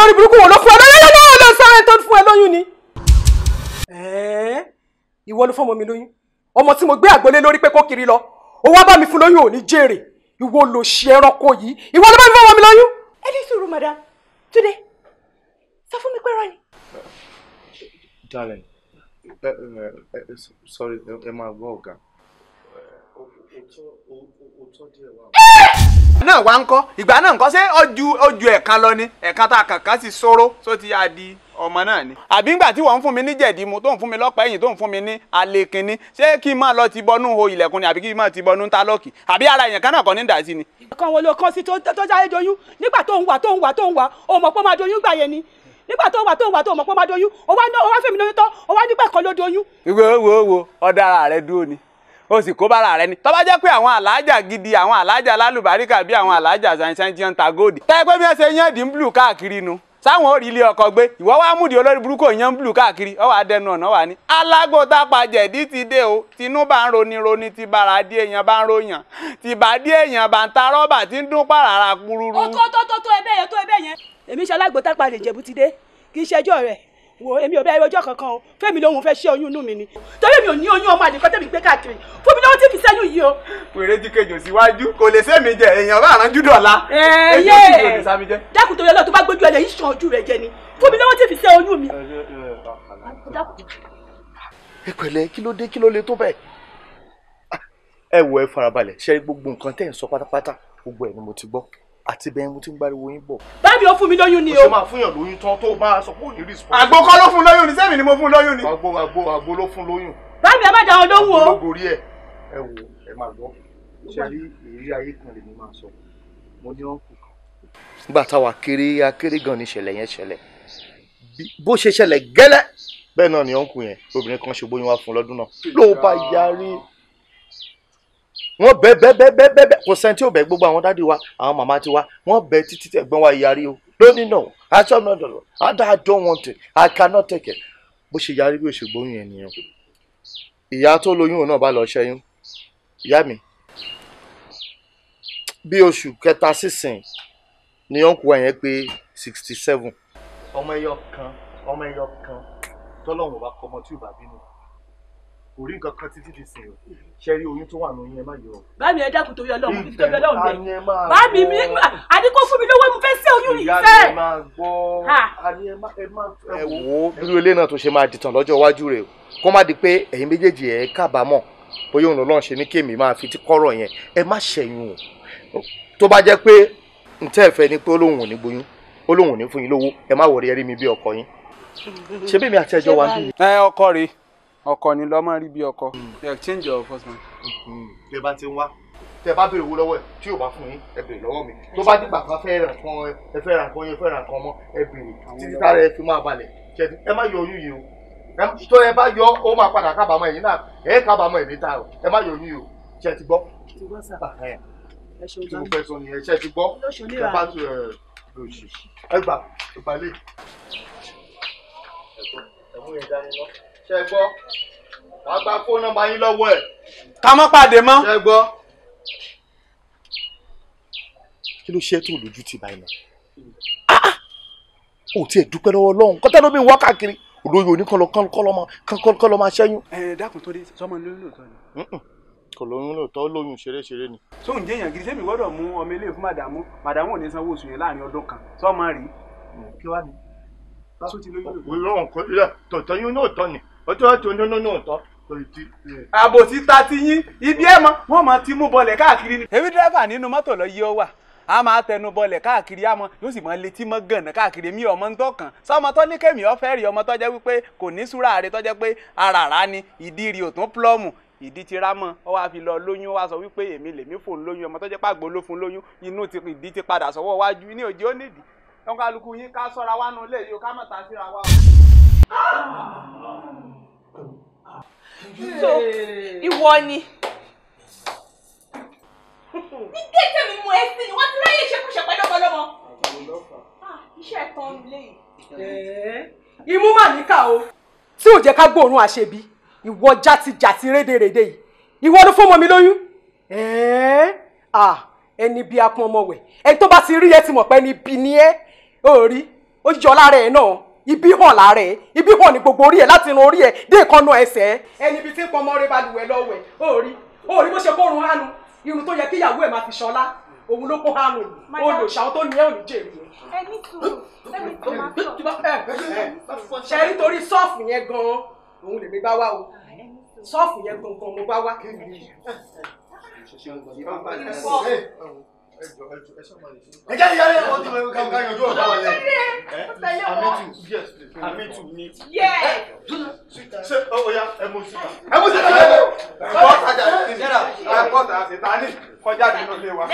olórí burúkú wo ló fún ẹ lóyún náà ló sáré tó fún ẹ lóyún ni. ìwọ ló fọmọ mi lóyún ọmọ tí mo gbé àgbọ̀lé lórí pé kó kiri lọ ó wá mi fún lóyún ò ní jèrè ìwọ ló ṣe ẹranko yìí ìwọ ló bá mi fọmọ mi lóyún. ẹ ní sùúrù madam Túndé sọ fún mi pé rọ ni. darling sorry ẹ máa gbọ́ ọ̀gá náà wá ń kọ́ ìgbà náà ń kọ́ ṣé ojú ojú ẹ̀ka lọ ni ẹ̀ka tá a kàn ká sí sóró tó ti yá di ọmọ náà ni. àbí ńgbà tí wọ́n ń fún mi ní jẹ̀dí mu tó ń fún mi lọ́pàá ẹ̀yìn tó ń fún mi ní alẹ́ ṣé kí n máa lọ ti bọnú ho ilẹ̀kùn ni àbí kí n máa ti bọnú tálọ́ọ̀kì àbí ara èèyàn kan náà kọ́ ní dàsí ni. ìkan wo ló kàn sí tó jáde doyún nígbà tó ń wà tó ń wà tó ń wà ó mọ̀ ni nígbà tó wà tó wà tó mọ̀ pé máa doyún ó wá fèmí lóyún tán ó wá nígbà kan ló doyún. ìwé wo wo ọ̀dà ara rẹ dúró ni o sì kó bára rẹ ni tó bá jẹ́ pé àwọn alájà gidi àwọn alájà lálùbáríkà bí àwọn alájà ṣanṣan jẹun ta góòdì tẹ́ pé bí wọ́n ṣe yán dín blue káàkiri nu sáwọn orí ilé ọkọ gbé ìwọ wá múdi olórí burúkú yan blue káàkiri ọwọ adẹnu ọ̀nà wà ní. alágbó tápàjẹ́ dí ti dé o tinú bá ń roni roni ti bára dí èèyàn bá ń ròyàn ti bá dí èèyàn bá ń ta rọ́bà tí ń dún pàràrà kúrúrú. ó tó tó tó tó ẹbẹ yẹn tó ẹbẹ yẹn. èmi ṣe alágbó tápàjẹ́ ìjẹ̀bú ti dé kì í ṣẹjọ́ rẹ̀ wo èmi ò bẹ ẹrọjọ kankan o fẹmi lòun fẹ ṣe oyún inú mi ni torí mi ò ní oyún ọmọ àdìkọ tẹmí gbé káàkiri fún mi lọ́wọ́ tí fi sẹ́yìn yìí o. wèrè tí kejì òsíwájú kò lè sẹ́mi jẹ èèyàn bá àránjú dọ̀la. ẹyẹ dákun torí ọlọ́run tó bá gbójú ẹ lẹ́yìn sàn ojú rẹ jẹ ni fún mi lọ́wọ́ tí fi sẹ́ oyún mi. ẹ pẹ̀lẹ́ kí ló dé kí ló le tó bẹ́ẹ̀. ẹ wo ẹ farabalẹ̀ ṣe gbogbo nǹkan tẹ́ ń sọ pátápátá gbogbo ẹ̀ ni mo ti gbọ́ àti bẹ́ẹ̀ mo ti ń gbariwo yín bọ̀. báàbí ó fún mi lóyún ni o. o ṣe máa fún yàn lóyún tán tó bá a sọ pé ò ní response. àgbo kọ́ ló fún lóyún ni sẹ́mi ni mo fún lóyún ni. àgbo àgbo àgbo ló fún lóyún. báàbí ẹ má dá wọn lóhùn o. àgbo lógorí ẹ ẹ wò ẹ máa gbọ́ ṣe rí ìrírí ayé kan lèmi máa sọ mo ní ọ̀nkù kan. nígbà táwa kéré akéré gan ni ìṣẹ̀lẹ̀ yẹn ṣẹlẹ̀ bó ṣe ṣẹlẹ̀ gẹ́lẹ́ bẹ́ẹ̀ náà ni ọ̀nkù yẹn obìnrin kan ṣe bóyún wá fún lọ́dún náà ló bá yarí wọ́n bẹ́ bẹ́ bẹ́ bẹ́ bẹ́ kò sẹ́ni tí ò bẹ́ gbogbo àwọn dádì wa àwọn màmá ti wa wọ́n bẹ́ títí ẹ̀gbọ́n wa yarí o lónìí náà I shall not I don't want it I cannot take it bó ṣe yarí bí òṣèlú gbóyún nìyẹn ìyá tó lóyún náà bá lọ ṣẹ́yún ìyá mi bí oṣù kẹta sísìn ni ọ̀nkù wa yẹn pé sixty seven ọmọ ẹyọ kan ọmọ ẹyọ kan tọ́lọ́run bá kọ́ ọmọ tí ò bá bínú kò rí nǹkan kan títí di sìn o ṣe rí oyún tó wà nínú yẹn má yọ. báàmì ẹ dákun torí Ọlọ́run títí torí Ọlọ́run bẹ́ẹ̀ báàmì mi àní kó fún mi lówó mo fẹ́ sí oyún yìí fẹ́. ìyá mi máa gbọ́ àní ẹ máa ẹ máa. ẹ wo bí ilé náà tó ṣe máa dìtàn lọ́jọ́ iwájú rẹ̀ kó má di pé ẹ̀yin méjèèjì ẹ̀ kábàámọ̀ bóyá òun lọ́n ṣe ní kémi máa fi ti kọ́rọ̀ yẹn ẹ má ṣẹ̀yìn o tó bá jẹ́ pé ntẹ́ ẹ̀fẹ́ ni pé olóhùn ò ní gboyún olóhùn ò ní fún yín lówó ẹ má wọrí ẹ rí mi bí ọkọ yín ṣé bí mi àti ẹjọ́ wa ń bí. ẹ ọkọ rèé ọkọ ni lọ máa rí bí ọkọ. exchange of husband. tẹ bá ti ń wá tẹ bá béèrè owó lọ́wọ́ ẹ tí yóò bá fún yín ẹ béèrè lọ́wọ́ mi tó bá dìgbà kan fẹ́ ràn kan ẹ fẹ́ ràn kan yín ẹ fẹ́ ràn kan mọ́ ẹ béèrè títí tára ẹ fi máa balẹ̀ ṣẹ́ni ẹ má yọ oyún yìí o tó ẹ bá yọ ó máa padà kábàámọ̀ ẹ̀yìn náà ẹ kábàámọ̀ ẹ̀mí ta o ẹ má yọ oyún yìí o ṣẹ́ ti gbọ́. tí ah, mo fẹ́ sọ nìyẹn ṣẹ́ ti gbọ́ ẹ bá tún ẹ gbà ẹ gbà lè. ẹ mú yẹn dání lọ ṣe gbọ́ wàá gba fóònù nọ́mbà yín lọ́wọ́ ẹ̀. ká má pàdé mọ́. ṣe gbọ́. kí ló ṣe tó lójú ti báyìí náà ó tiẹ̀ dúpẹ́ lọ́wọ́ Ọlọ́run kọ́tà ló bí wá káàkiri olóyè oníkọlọ máa ṣẹ́yún. ẹ dákun tó dé sọmọ lóyún lóòótọ́ ni. kò lóyún lóòótọ́ lóyún ṣeréṣeré ni. tó ń jẹyàn gidi sẹ́mi gbọ́dọ̀ mú ọmọ ilé fún màdàmú màdàmú ò ní sanwó oṣù yẹn láàrin ọdún kan sọmọ rí. Mm. kí wàá ní. báṣọ ti lóyún lóòótọ́. ìrọ̀ nǹkan tọ̀tọ̀ yín náà tọ̀ ni ọjọ́ ọjọ́ nínú náà tọ́ àbò títa ti yín ibi ẹ̀ mọ́ wọ́n máa ti mú bọlẹ̀ káàkiri ni. èmi dírẹ́fà nínú mọ́tò lọ yí ọ wà a máa tẹnu bọlẹ̀ káàkiri àmọ́ yóò sì máa létí mọ́ gànà káàkiri mi ọmọ tó kàn sọmọ tó ní kémi ọ̀fẹ́ rí ọmọ tó wípé kò ní súra rẹ tó jẹ́ pé aràrá ni ìdí rí òtún plọ́ọ̀mù ìdí ti rámọ ọ wá fi lọ lóyún wá sọ wípé èmi lèmi fò lóyún ọmọ tó jẹ́ ló fún lóyún inú ti ìdí ti padà sọ́wọ́ wájú ní òjì nídìí ọkọ alùpùpù yín ká sọ́ra wánu lẹ́yìn ká mọ̀ta síra wá so ìwọ ni. ní gẹ́gẹ́ mi mú ẹ sí ni wọ́n ti ráyè ṣekúṣe pẹ̀lú ọmọlọ́mọ. Ah, iṣẹ́ ẹ̀tàn mi lẹ́yìn. Eh, imú mà níkà o. tí ò jẹ́ ká gbóòórùn àṣebí ìwọ játijàti rédèrèdè yìí ìwọ ló fọmọ mi lóyún. Eh, ah, ẹni bí apọn ọmọ wẹ̀ ẹni tó bá ti rí ẹ ti mọ̀ pé ẹni bí ni ẹ ò rí ó yọ lára ẹ náà ibi hàn lára ẹ ibi hàn ní gbogbo orí ẹ láti irun orí ẹ dé ìkànnà ẹsẹ̀ ẹ. ẹni bíi tí ń pọnmọ rẹ balùwẹ̀ lọ́wọ́ ẹ̀ ó rí ó rí bó ṣe kórun hánu irun tó yẹ kí ìyàwó ẹ̀ máa fi ṣọlá òun ló kó hánu yìí ó lò ṣàwọn tó ní ẹ ò ní jèrè ẹni tó máa tọ̀. sọ́ọ̀fù yẹn gan-an òun lèmi bá wá o sọ́ọ̀fù yẹn gan-an mo bá wá ẹ jẹ́ ìyá rẹ̀ wọ́n ti mọ̀ ká ká yọjú ọ̀dà wọn yẹn. àmì tù ní. ṣé o ya ẹ mú síta. ẹ mú síta lẹ́nu. ẹ̀kọ́ tajà ìṣẹ́ra ẹ̀kọ́ tajà ìṣẹ́ra ní kọjá nínú ilé wa.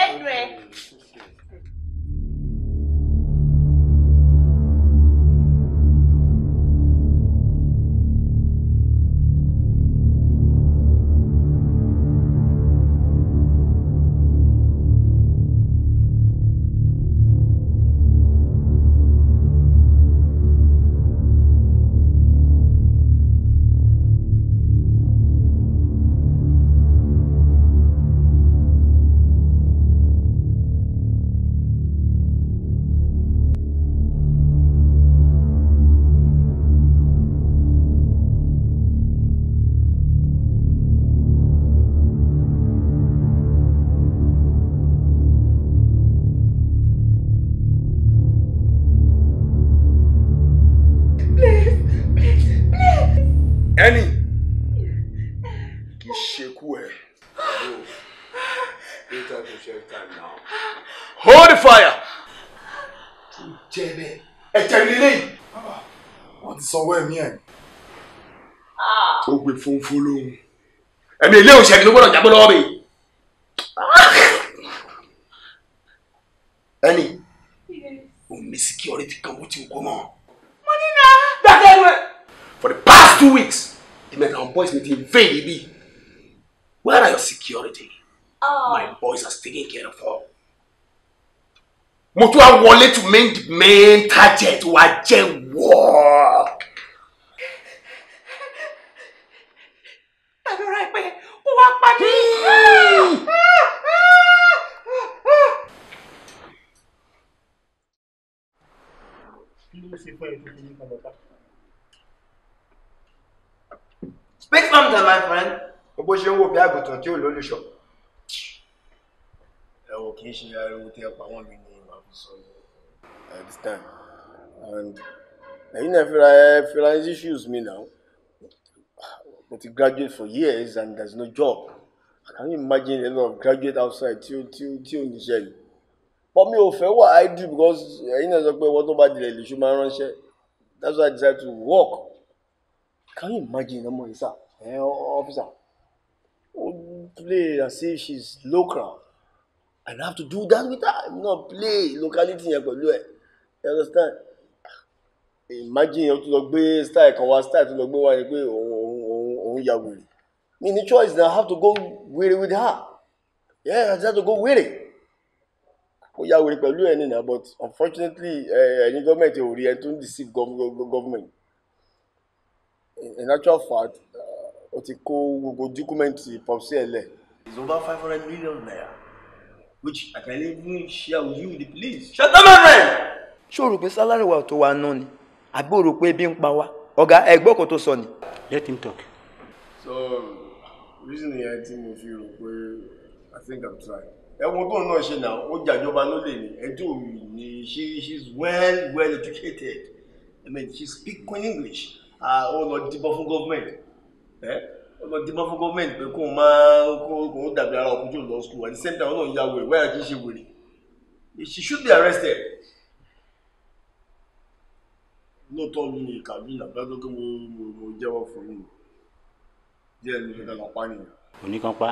fòǹfò lòun ilé òṣèlú ló gbọ́dọ̀ jábọ́ lọ́wọ́ mi. ẹni omi security kan wọ́n ti kó mọ́. mo ní na. dákẹ́ ẹnu ẹ. for the past two weeks the metal boys mi ti invade ibi where are your security. Oh. my boys are taking care of all. mo tún wá wọlé to main the main target wa jẹ́ wọ́ọ̀. ara ẹ pé kó wá pa mí. Speak something, my friend. Gbogbo ṣe ń wo bí àgùntàn tí ò lólùṣọ́. Ẹ̀wọ̀n kì í ṣe ariwo tí ẹ pa wọ́n mi ni màá fi sọ yìí. I understand. And ẹ̀yin náà fira ẹ fira issues mi náà mo ti graduate for years and there's no job I can you imagine a lot of graduate outside till till till Nigeria? but me offer what I do because in náà sọ pé ọwọ́ tó bá dilẹ̀ lè that's why I decided to work can you imagine ọmọ ìsà ẹ officer ó play as if she's local and I have to do that with her I'm not play locality yẹn pẹ̀lú ẹ you understand imagine you have to look style kan wá to look lọ gbé òun ya wèrè mi ní choice na I have to go wèrè with her yeah I just to go wèrè ó ya wèrè pẹ̀lú ẹ̀ nìyà but unfortunately ẹ̀yin gọ́ọ̀mẹ̀ntì ò rí ẹ tó ń deceive government in actual fact ó ti kó gbogbo dọ́kúmẹ̀ntì pọ̀sí ẹ̀ lẹ̀. it's over five hundred million naira which I can even share with you with the police. shut up my friend. ṣé o rò pé sálárì wa ò tó wa ná ni àbí o rò pé ebi ń pa wá ọ̀gá ẹ̀gbọ́n kò tó sọ ni. let him talk so reason yẹn tí mo fi rò pé i think i'm trying ẹ̀wọ̀n tóun náà ṣe náà ó jàjọba ló lè ní ẹjọ́ òwì ni she she's well well educated i mean she speak queen english ó lọ dìbọn fún gọ́ọ̀mẹ̀ntì ó lọ dìbọn fún gọ́ọ̀mẹ̀ntì pé kóun máa kóun dàbí ara ọkùnrin tó lọ school at the same time ó náà ń ya wèrè wẹ́rẹ́ kì í ṣe wèrè she should be arrested lóòótọ́ mi ìkàwé ìlàbẹ́ lókè mo jẹ́wọ́ fún yín díẹ̀ ní dandan kan pa nìyẹn. oníkan pa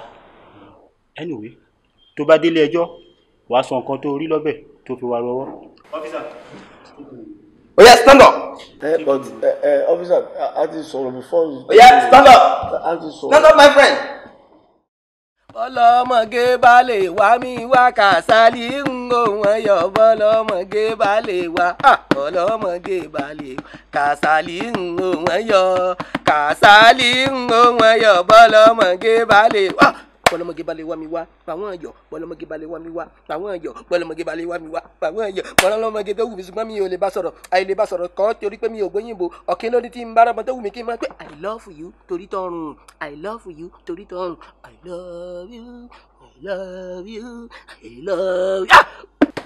anyway tó bá délé ẹjọ́ wàá sọ nǹkan tó rí lọ́bẹ̀ tó fi wá rọwọ́. ọ́fíìsà. oya oh, stand up. ẹ eh, but ẹ ẹ ọ́fíìsà a ti sọ̀rọ̀ before you. oya oh, stand up. a ti sọ̀rọ̀. stand up my friend. ọlọmọge balẹ̀ wá mi wá kàṣálí ń kóńgò wọn yọ bọ́lọ́mọge balẹ̀ wá bọ́lọ́mọge balẹ̀ kàsálí ńgò wọn yọ kàsálí ńgò wọn yọ bọ́lọ́mọge balẹ̀ wá bọ́lọ́mọge balẹ̀ wá mi wá fàwọn ọ̀yọ́ bọ́lọ́mọge balẹ̀ wá mi wá fàwọn ọ̀yọ́ bọ́lọ́mọge balẹ̀ wá mi wá fàwọn ọ̀yọ́ bọ́lọ́mọge tó wù mí ṣùgbọ́n mi ò lè bá sọ̀rọ̀ àì lè bá sọ̀rọ̀ kọ́ torí pé mi ò gbóyìnbó ọ̀kẹ́ lórí tí n bára bọ́ tó wù mí kí n máa pé i love you torí tọrùn i love you torí tọrùn i love you love you, I love you.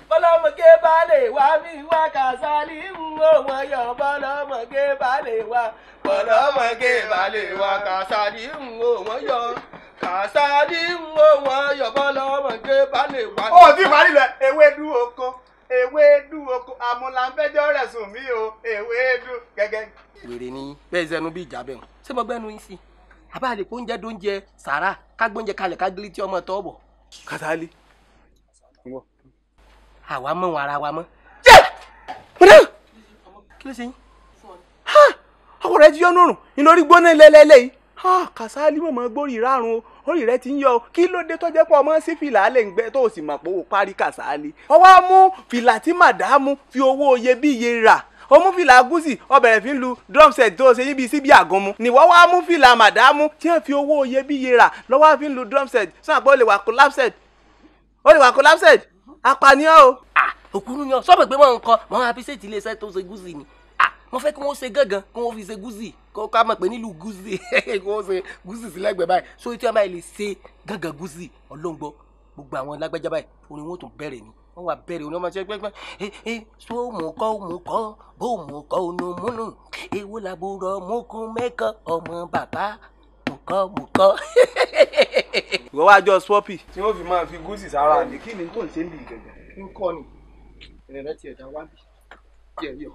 bọ́lọ́mọ̀gé bá lè wá mi wá Kàsálí ń òwò yọ bọ́lọ́mọ̀gé bá lè wá bọ́lọ́mọ̀gé bá lè wá Kàsálí ń òwò yọ Kàsálí ń òwò yọ bọ́lọ́mọ̀gé bá lè wá. ó ti parí lọ ewédú oko ewédú oko àmúlàńfẹjọ rẹ sùn mí o ewédú gẹ́gẹ́. wèrè ni bẹ́ẹ̀ zẹnu bí ìjà bẹ́ẹ̀ ṣé mo gbẹ́nu yín sí i àbá lè kóúnjẹ dóúnjẹ sàrà kágbóúnjẹ kalẹ̀ kágbélé tí ọmọ tọ́ bọ̀. kátàlí. àwa mọ̀ wọn ara wa mọ́. jẹ́ mọ̀dá kí ló ṣe yín. ọkọ̀ rẹ ti yọ nùrùn iná orí gbóná lẹ́lẹ́lẹ́ yìí. kàsáálí mọ̀mọ́ gbórí ìrárun o orí rẹ ti ń yọ kí ló dé tọ́jẹ́ pọ̀ ọmọ sí fìlà alẹ́ ń gbẹ tó o sì mọ̀ pé o parí kàsáálí. ọwọ́ mú fìlà tí màdámù fi owó iyebíye rà ó mú fìlà gúúsì ó fi ń lu drum set tó ṣe yíbi síbi àgànmu nìwọ́ wá mú fìlà màdámù tí wọ́n fi owó iyebíye rà lọ́wọ́ fi ń lu drum set sọ́nà pé ó lè wà collapsed ó lè wà collapsed apànìyàn o. òkúrú yan sọ́ọ̀bù pé wọ́n ń kọ́ mọ́ abiṣẹ́tì iléeṣẹ́ tó ṣe gúúsì ni mo fẹ́ kí wọ́n ṣe gángan kí wọ́n fi ṣe gúúsì kó ká mọ̀ pé nílùú gúúsì kí wọ́n ṣe gúúsì sí lẹ́gbẹ̀ẹ́ báyìí sórí tí wọ́n báyìí lè ṣe gángan gúúsì ọlọ́ngbọ́ gbogbo àwọn lágbájá báyìí orin wọn tún bẹ̀rẹ̀ ni wọ́n wà bẹ̀rẹ̀ òun ọmọ tí wọ́n gbẹ́gbẹ́ ẹ so mú kọ́ mú kọ́ bó mú kọ́ nu. múnú ewu làbúrò mokun mẹ́kọ̀ ọmọ bàbá mú kọ́ mú kọ́. ìwọ wá jọ swọ́pì. tí wọ́n fi máa fi gúúsì sára àdé kí ni tó ń ṣe ń bì gẹ̀gẹ̀. ń kọ́ ni ìrẹ̀lẹ̀ tiẹ̀ dá wá bì díẹ̀ yọ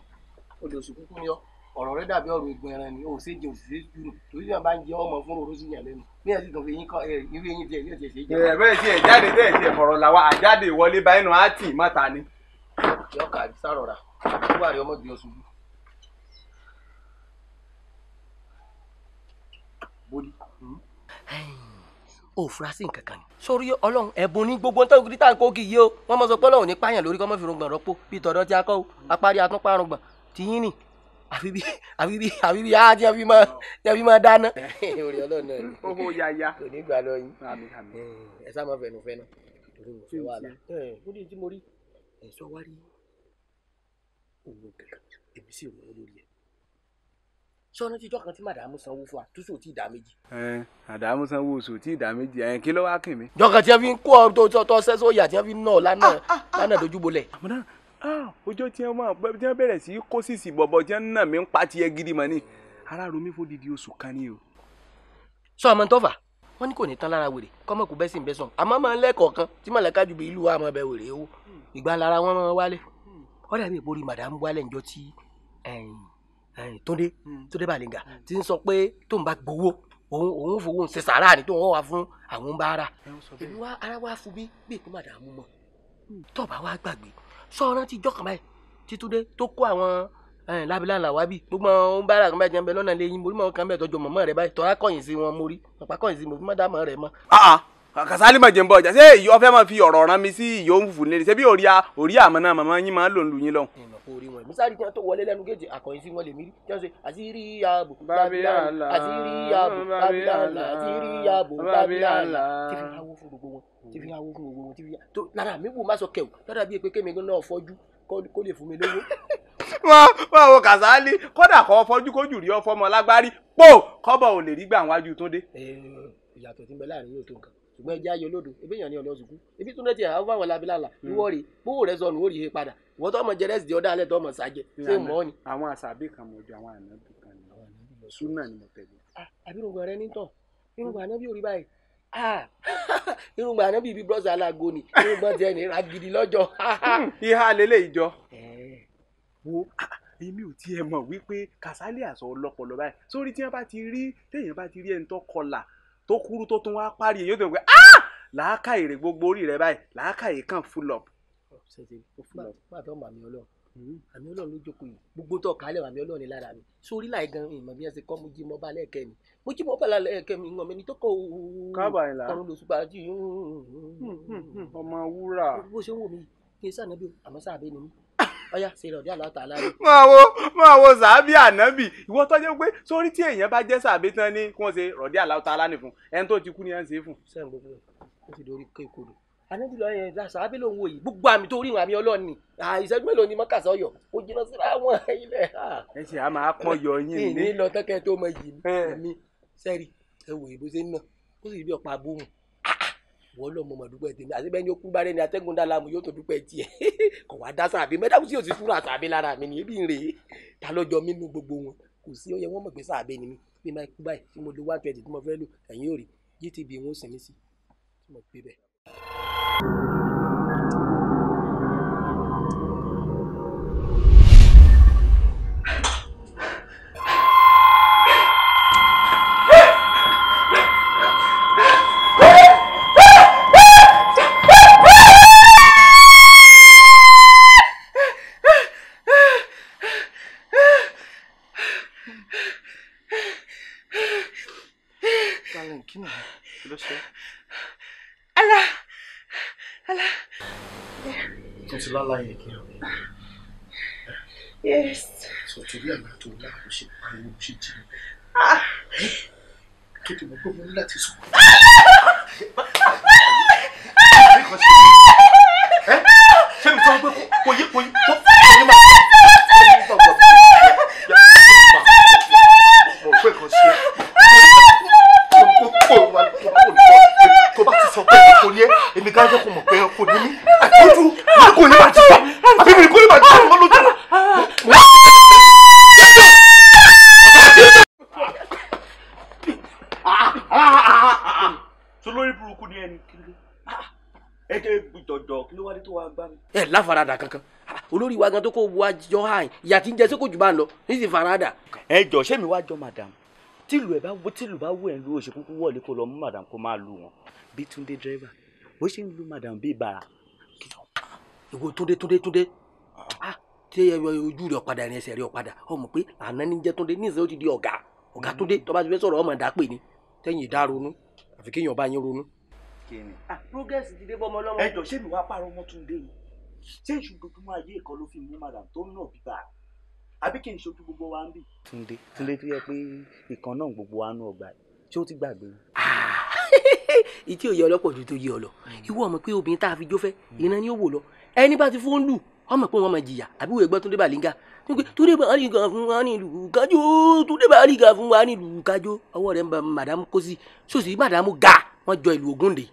olùsù kúkú yọ ọ̀rọ̀ rẹ dàbí ọ̀rọ̀ ìgbọ̀n ẹran ni òṣèjì òṣìṣẹ́ jù torí náà bá ń jẹ ọmọ fún oró sí yàn ní ẹ̀sìn tó fi yín kọ́ irú eh, eyín tiẹ̀ ní ọ̀tẹ̀ ṣe jẹ́. Eh, ẹ bẹ́ẹ̀ tiẹ̀ jáde bẹ́ẹ̀ tiẹ̀ fọ̀rọ̀ làwa àjáde ìwọlé bá inú àti ìmọ̀ta ni. yọkà sárọ̀ra tó wà rí ọmọ bí ọṣù bù. bódì. o hmm? fura sí nǹkan kan ni. sórí ọlọ́run ẹ̀bùn ní gbogbo nítorí kìí tàn kó kì í yé o wọ́n mọ sọ pé ọlọ́run ní páyàn lórí kọ́mọ́fìrúngbọ̀n rọ́pò bí tọ̀dọ̀ ti akọ́ o apárí atúnpárùngbọ̀n tìyín nì àfi bí àfi bí àfi bí ah jẹ́ fi máa dáná. orí ọlọ́run náà ni owó yaya kò ní gbà lọ yín ẹ sá máa fẹnu fẹnu torí mo fẹ́ wà lá. ó ní tí mo rí ẹ̀sọ́ wá rí òun kankan èmi sì rún lórí ẹ̀. sọ́nà tíjọ́ kan tí màdàmú sanwó fún wa tó sòtì ìdá méjì. àdàmú sanwó sòtì ìdá méjì ẹ̀yìn kí ló wá kàn mí. jọ̀kan tí wọ́n fi ń kó ọ tó sẹ́sọ́ yà tí wọ́n fi ń ná ọ lánàá ah, ah, ah, lánàá dojú bolẹ̀. àmọ́ náà Ah, ọjọ́ tí wọ́n bẹ̀rẹ̀ sí kó sísì bọ̀bọ̀ tí wọ́n nà mí ń pa tiẹ̀ gidi mọ̀ ni ara ro mi fún didi oṣù kan ni o. sọ àmọ́ tó fà wọ́n ní kò ní tán lára wèrè kọ́mọ kò bẹ́ sí ìbẹ́sàn àmọ́ máa ń lẹ́kọ̀ọ́ kan tí màlẹ́ka ju bí ìlú wa máa bẹ wèrè o ìgbà lára wọn máa wálé ọ̀rẹ́ mi ìborí màdàmú wálé ǹjọ́ tí Túndé hmm. Túndé Bàlẹ́ngà hmm. ti ń sọ pé tóun bá gbowó òun òun fowó ń ṣe sàárà ni tóun wá fún àwọn bá ara èmi wá ara wá fún mi bí èkó màdàmú mọ tọ́ọ̀bà wá gbàgbé sọ́ọ́rán ti jọ́kàn báyìí títúndé tó kó àwọn lábílà làwábì gbogbo àwọn ń bára jẹun bẹ lọ́nà lẹ́yìn mo rí mọ́ kan bẹ́ẹ̀ tọ́jú mọ̀mọ́ rẹ báyìí tọ́ra kọ̀yìn sí wọn mo rí ọ̀pá kọ̀yìn sí mo fi mọ́ dámọ̀ rẹ mọ́. Ah, ah kàsálí mà jẹ́ ń bọ̀ ọjà ṣé ìyọ́ fẹ́ máa fi ọ̀rọ̀ rán mi sí ìyọ́ òfùfù nílẹ̀ ṣé bí òrí òrí àmọ́nà màmá yín máa ń lò ń lu yín lọ. orí wọn musa rí kí wọn tó wọlé lẹ́nu géèjì àkọyìn sí wọn lè mí rí kí wọn ṣe àṣírí ààbò bábílàlà àṣírí ààbò bábílàlà àṣírí ààbò bábílàlà tí fi awó fún gbogbo wọn tí fi awó fún gbogbo wọn tí fi tó lára mi wù má sọ kẹwù lọ́dà bíi pé kémi náà fọ́jú kó lè fún mi lówó. wọn wọn wo kàsálí kódà kọ́ fọ́jú kójú rí ọ fọmọ lágbárí pò kọ́bọ̀ ò lè rí gbà wájú tó dé. ìyàtọ̀ tí ń bẹ láàrin yóò tó nǹkan ṣùgbọ́n ẹjẹ́ ayé olódo ebi yàn ní ọ̀lẹ́ ọ̀sùnkú ebi tún lẹ́tì àwọn fáwọn labilala ìwọ rè gbówó rẹ sọnù ó rè é padà ìwọ tó ọmọ jẹrẹsì di ọdá alẹ́ tó ọmọ sàjẹ hmm, ṣé mọ́ ni. àwọn àṣàbí kan mọ̀ ju àwọn ànábì kan ní súnà ni mo tẹ̀lé. àbírùngbà rẹ nítàn hmm. irùngbà ànábì orí báyìí irùngbà ànábì ibi bros alago ni irùngbà tiẹ̀ ní ragidi lọ́jọ́. Hmm, ìhà lélẹ̀ ìjọ. wo èmi ò tiẹ̀ mọ̀ wípé kàsálẹ̀ àṣọ ọlọ́pọlọ báyìí sórí tí wọ́n bá ti rí téèyàn bá ti rí ẹni tó kọlà tó kúrú tó tún wá parí èyí ó dẹ̀ wọ́n ah làákàyè rẹ̀ gbogbo orí rẹ̀ báyìí làákàyè kan full up. bàtọ́ màmí ọlọ́run hmm. àmì ọlọ́run ló jókòó yìí gbogbo tó kálẹ̀ àmì ọlọ́run ni lára mi sórí láì gan ìmọ̀ bí ẹ ṣe kọ́ mo jí mọ́ bá lẹ́ẹ̀kẹ́ mi mo jí mọ́ bá lẹ́ẹ̀kẹ́ mi ìwọ̀n mi ni tó kọ́ ọ̀run lóṣù bá jù. ọmọ wúrà. bó ṣe ń wò mí kí n sànà bí àmọ́ sáà bẹ́ẹ̀ ni mí ọyá ṣe ìrọ̀lẹ́ àlàtà aláàrẹ. máa wo máa wo sàábì ànábì ìwọ tọ́jú pé sórí tí èèyàn bá jẹ́ sàábì tán ni kí wọ́n ṣe ìrọ̀lẹ́ àlàtà aláàrẹ fún ẹni tó ti kú ni à ń ṣe é fún. sẹ́yìn gbogbo ó ti dorí kó ìkorò ànábì lọ yẹn ra sàábì lòun wò yìí gbogbo àmì tó rí ìwà àmì ọlọ́ọ̀ni ìṣẹ́jú mélòó ni mọ́kàsá ọ̀yọ́ ó jiná síra wọn ilẹ̀. ẹ ṣe àmà pọ́n yọ yín ní. ìní lọ tẹ́kẹ́ tó mọ yìí mi sẹ́rí ẹ wò ìbúṣe náà ó sì wọ́n lọ mọ̀ mọ̀ dúpẹ́ tèmi àti bẹ́ẹ̀ ni ó kú bárẹ́ ni atẹ́gùn dá láàmú yóò tó dúpẹ́ tiẹ̀ kò wá dá sàbí mẹ́tàkùn sí òsì súnra sàbí lára mi ni ebi ń rè é ta lọ́jọ́ mi nu gbogbo wọn kò sí ọyẹ wọn mọ̀ pé sàbí ni mi bí máa kú báyìí tí mo lo one twenty tí mo fẹ́ lò ẹ̀yìn ò rí gtb wọn ò sinmi sí tí mo gbé bẹ́ẹ̀. tó ti mọ̀ pé mo ní láti sùn. ṣé sọ pé kò yí kò yí kò yí máa tó gbọ́ bí mo pé kan ṣe kò kò kò kò bá ti sọ pé kò ní ẹ èmi gájọ́ kò mọ̀ pé kò ní mí. tó lórí burúkú ni ẹni kiri ah, ẹ jẹ́ gbìjọ̀jọ̀ kí ló wá dé tó wá gbá mi. ẹ láfaradà kankan ah, olórí wa gan tó kó wa jọ hàn ìyá tí ń jẹ sókò jù bá ń lọ ní ti faradà. ẹ jọ ṣé mi wá jọ madam tìlù ẹ bá wọ tìlù bá wọ ẹ lu òṣèkúkú wọlé kó lọ mú madam kó máa lu wọn bí túndé dírẹ́fà bó ṣe ń lu madam bíi bàrà. ìwo túndé túndé túndé ah, tí ojú rẹ ọ̀padà ẹ̀rìn ẹsẹ̀ rẹ ọ̀padà ọmọ pé àná ní jẹ́ túndé ní ìsẹ́ ó ti di ọ̀gá ọ̀gá túndé tó bá ti fẹ́ sọ̀rọ̀ ọmọ ẹ̀dá pè ní tẹ́yìn ìdáronú àfi kéèyàn bá yín ronú. Ah, progress ti dé bọ́mọ lọ́wọ́. ẹjọ ṣé mi wàá pààrọ̀ ọmọ tó ń dé yìí ṣé ìṣòdodúmọ́ ayé ìkọ́ ló fi mú madam tó ń nà bíbá àbí kí n ṣojú gbogbo wa ń bì. Túndé Túndé tó yẹ pé ìkan náà gbogbo wa nú ọgbà ṣé ó ti gbàgbé. Ah, ìtí òye ọlọ́pọ̀ ju tó yé ọ lọ ìwọ ọmọ pé obìnrin tá a fi jó fẹ́ ìran ni ó wò lọ ẹni bá ti fóun lù ọmọ pé wọn máa jìyà àbí wòye gbọ́ Túndé Bàlíńgà túndé bá rí nǹkan fún wa nílùú kájó túndé bá rí nǹkan fún wa nílùú kájó ọwọ́ rẹ̀ ń ba madam kósì sòsì madam ga wọ́n jọ ìlú Ògúndé.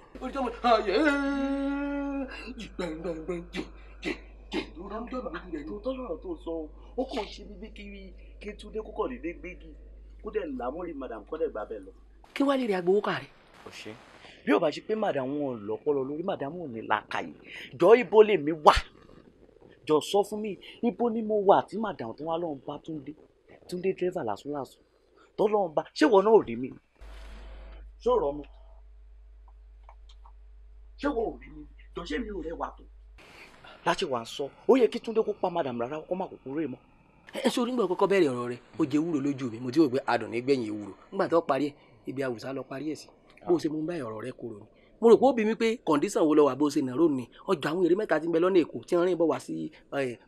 tọ́lọ́rọ̀ tó sọ ó kàn ṣe bíbí kiri kí túndé kókò dédé gbégi kó dẹ̀ làmúrí madam kọ́ dẹ̀ gbà bẹ́ẹ̀ lọ. kí wàá lè rí agbowó kàrí. ọ̀sẹ̀ bí ó bá ṣe pé madam wọn lọ́pọlọ lórí madam wọn ní làákàyè jọ ibo lèmi wà jọ sọ fún mi ibo ni mo wà tí màdàm tó wá lọ́n bá túndé túndé dírẹ́fà lásánlásán tó lọ́n bá ṣé wọn náà ò rí mi ṣó rọ mi ṣé wọn ò rí mi jọ ṣé mi ò rẹwà tó. láti wàá sọ ó yẹ kí túndé kó pa màdàm rárá kó má kúkú rè mọ. ẹ ṣe onígbà kọ́kọ́ bẹ̀rẹ̀ ọ̀rọ̀ rẹ ó jẹ ewúro lójú mi mo ti wò pé adùn nígbẹ̀yìn ewúro nígbà tó parí ẹ ibi àwùsá lọ parí ẹ sí bó ṣe mo ń bá ọ̀rọ̀ rẹ kúrò ni mo rò pé ó bí mi pé kọ̀ǹdíṣàn wo lọ wà bó ṣe nàró ni ọjà àwọn èrè mẹ́ta ti ń bẹ lọ́nà èkó tí wọ́n rìn bọ̀ wá sí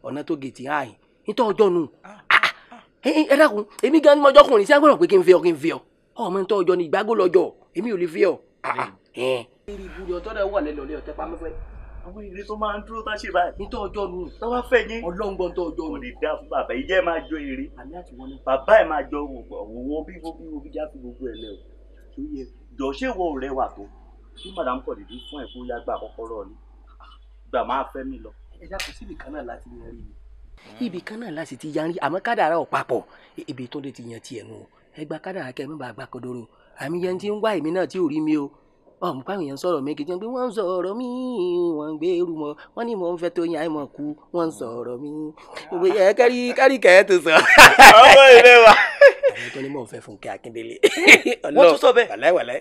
ọ̀nà tó gèètì ààyè nítorí ọjọ́ nù ah, ah, ah. ẹ dákun èmi gan ni mo jọkùnrin sí agbọ́dọ̀ pé kí n fi ọ kí n fi ọ ọmọ nítorí ọjọ́ ni ìgbàgbọ́ lọ́jọ́ èmi ò lè fi ọ. eré ibùdó ọtọ́ dẹ̀ wà lẹ́lọ́ lé ọ̀tẹ́ pamẹ́fẹ́. àwọn èrè tó máa ń dúró tá ṣe báyìí. nítorí ọjọ́ nù. tó bá fẹ́ yín. ọlọ́ngbọ́n tó ọjọ́ nù. kò ní dá fún bàbá ìjẹ́ máa jọ eré. àmì àtiwọlé. bàbá ẹ̀ máa jọ òwò bí wo bí wo bí já fi gbogbo ẹ̀ lẹ̀ o. tó yẹ jọ̀ọ́ ṣé wo rẹwà tó bí madam kò dédé fún ẹ̀ bóyá gba kọ́kọ́rọ́ ni gbà máa fẹ́ mi lọ. ẹ dákun síbi kan náà láti yan rí mi. Hmm. ibì kan náà láti ti yan rí àmọ́ kádàrá ò papọ̀ ibi tó lè ti yan tiẹ̀ nù ẹ gba kádàrá kẹ́ ẹ mẹ́ba àgbà kodoro àmì yẹn ti ń wá èmi náà tí ò rí mi o wọn mú káwọn èèyàn sọ̀rọ̀ méjì jẹun pé wọ́n ń sọ̀rọ̀ mí wọ́n ń gbé irú mọ́ wọ́n ní mò ń fẹ́ tó yín àìmọ̀ kú wọ́n ń sọ̀rọ̀ mí gbogbo yẹ kárí kárí kẹ́ tó sọ. ọmọ ìlẹ wa. àwọn tó ní mò ń fẹ́ Fúnkẹ́ Akíndélé. wọ́n tún sọ bẹ́ẹ̀ wàláì wàláì.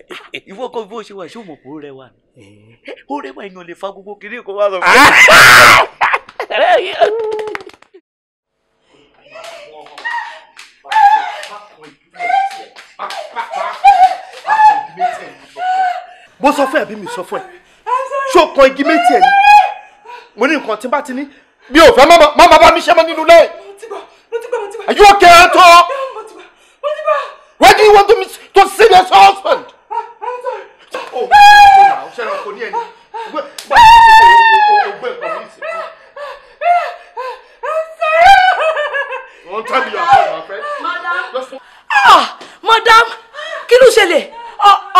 ìwọ kan bí ó ṣe wà ṣé òmò kò rẹwà ni rẹwà èèyàn lè fa gbogbo kiri kó wá sọ fún mi. bó sọ fún ẹ bí mi sọ fún ẹ ṣó kan igi méjì ẹ ni mo ní nǹkan tí bá ti ní mi ò fẹ́ má má bá mi ṣe mọ́ nínú ilé. Are you okay at all? Why do you want me to see this husband? Oh, now, shall I go near you? Where, where, where, where, Don't tell me your friend, my friend. Madam. Ah, madam, kí ló ṣẹlẹ̀?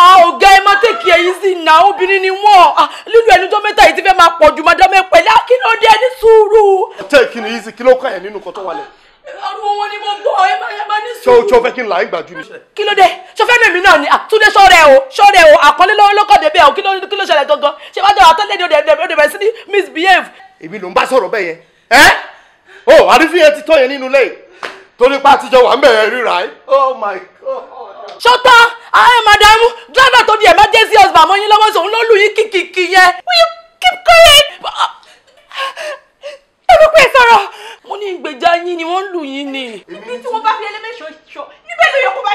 ọ̀gá ẹ má tèkì ẹ̀yìn sí ìnà obìnrin ni wọ́n lílo ẹni tó mẹ́ta yìí ti fẹ́ máa pọ̀ jù madame pẹ̀lẹ́ kí ló dé ní sùúrù. tẹ́ẹ̀kì ni yìí sí kí ló kàn yẹn nínú kan tó wà lẹ̀ ọdún wọn ni mo gbọ́ ẹ máa ẹ máa ní sùúrù. ṣé o fẹ́ kí n là á gbàjú ni. kí ló dé ṣọfẹ́ mi mi náà ni àtúndé sọ́rẹ́ o sọ́rẹ́ o àkọlé lọ́wọ́ lọ́kọ̀ débẹ̀ o kí ló kí ló ṣẹlẹ̀ gangan ṣé wàá dọ̀rọ̀ àtọ́lẹ̀ ni o dẹ̀ bẹ̀ sí ní misbehave. èmi ló ń bá sọ̀rọ̀ bẹ́ẹ̀ yẹn ẹ́ o oh, àrífín yẹn ti oh my god ṣọ́tà ayé madamu dráìvà tó di emergency husband mọ́ yín lọ́wọ́ sòun ló lù yín kìkìkì yẹn will you keep quiet ẹ̀rọ pé sọ̀rọ̀ mo ní ìgbèjà yín ni wọ́n lù yín ni. ibi tí wọ́n bá fi ẹlẹ́mẹ̀ṣọ́ níbẹ̀ ló yẹ kó bá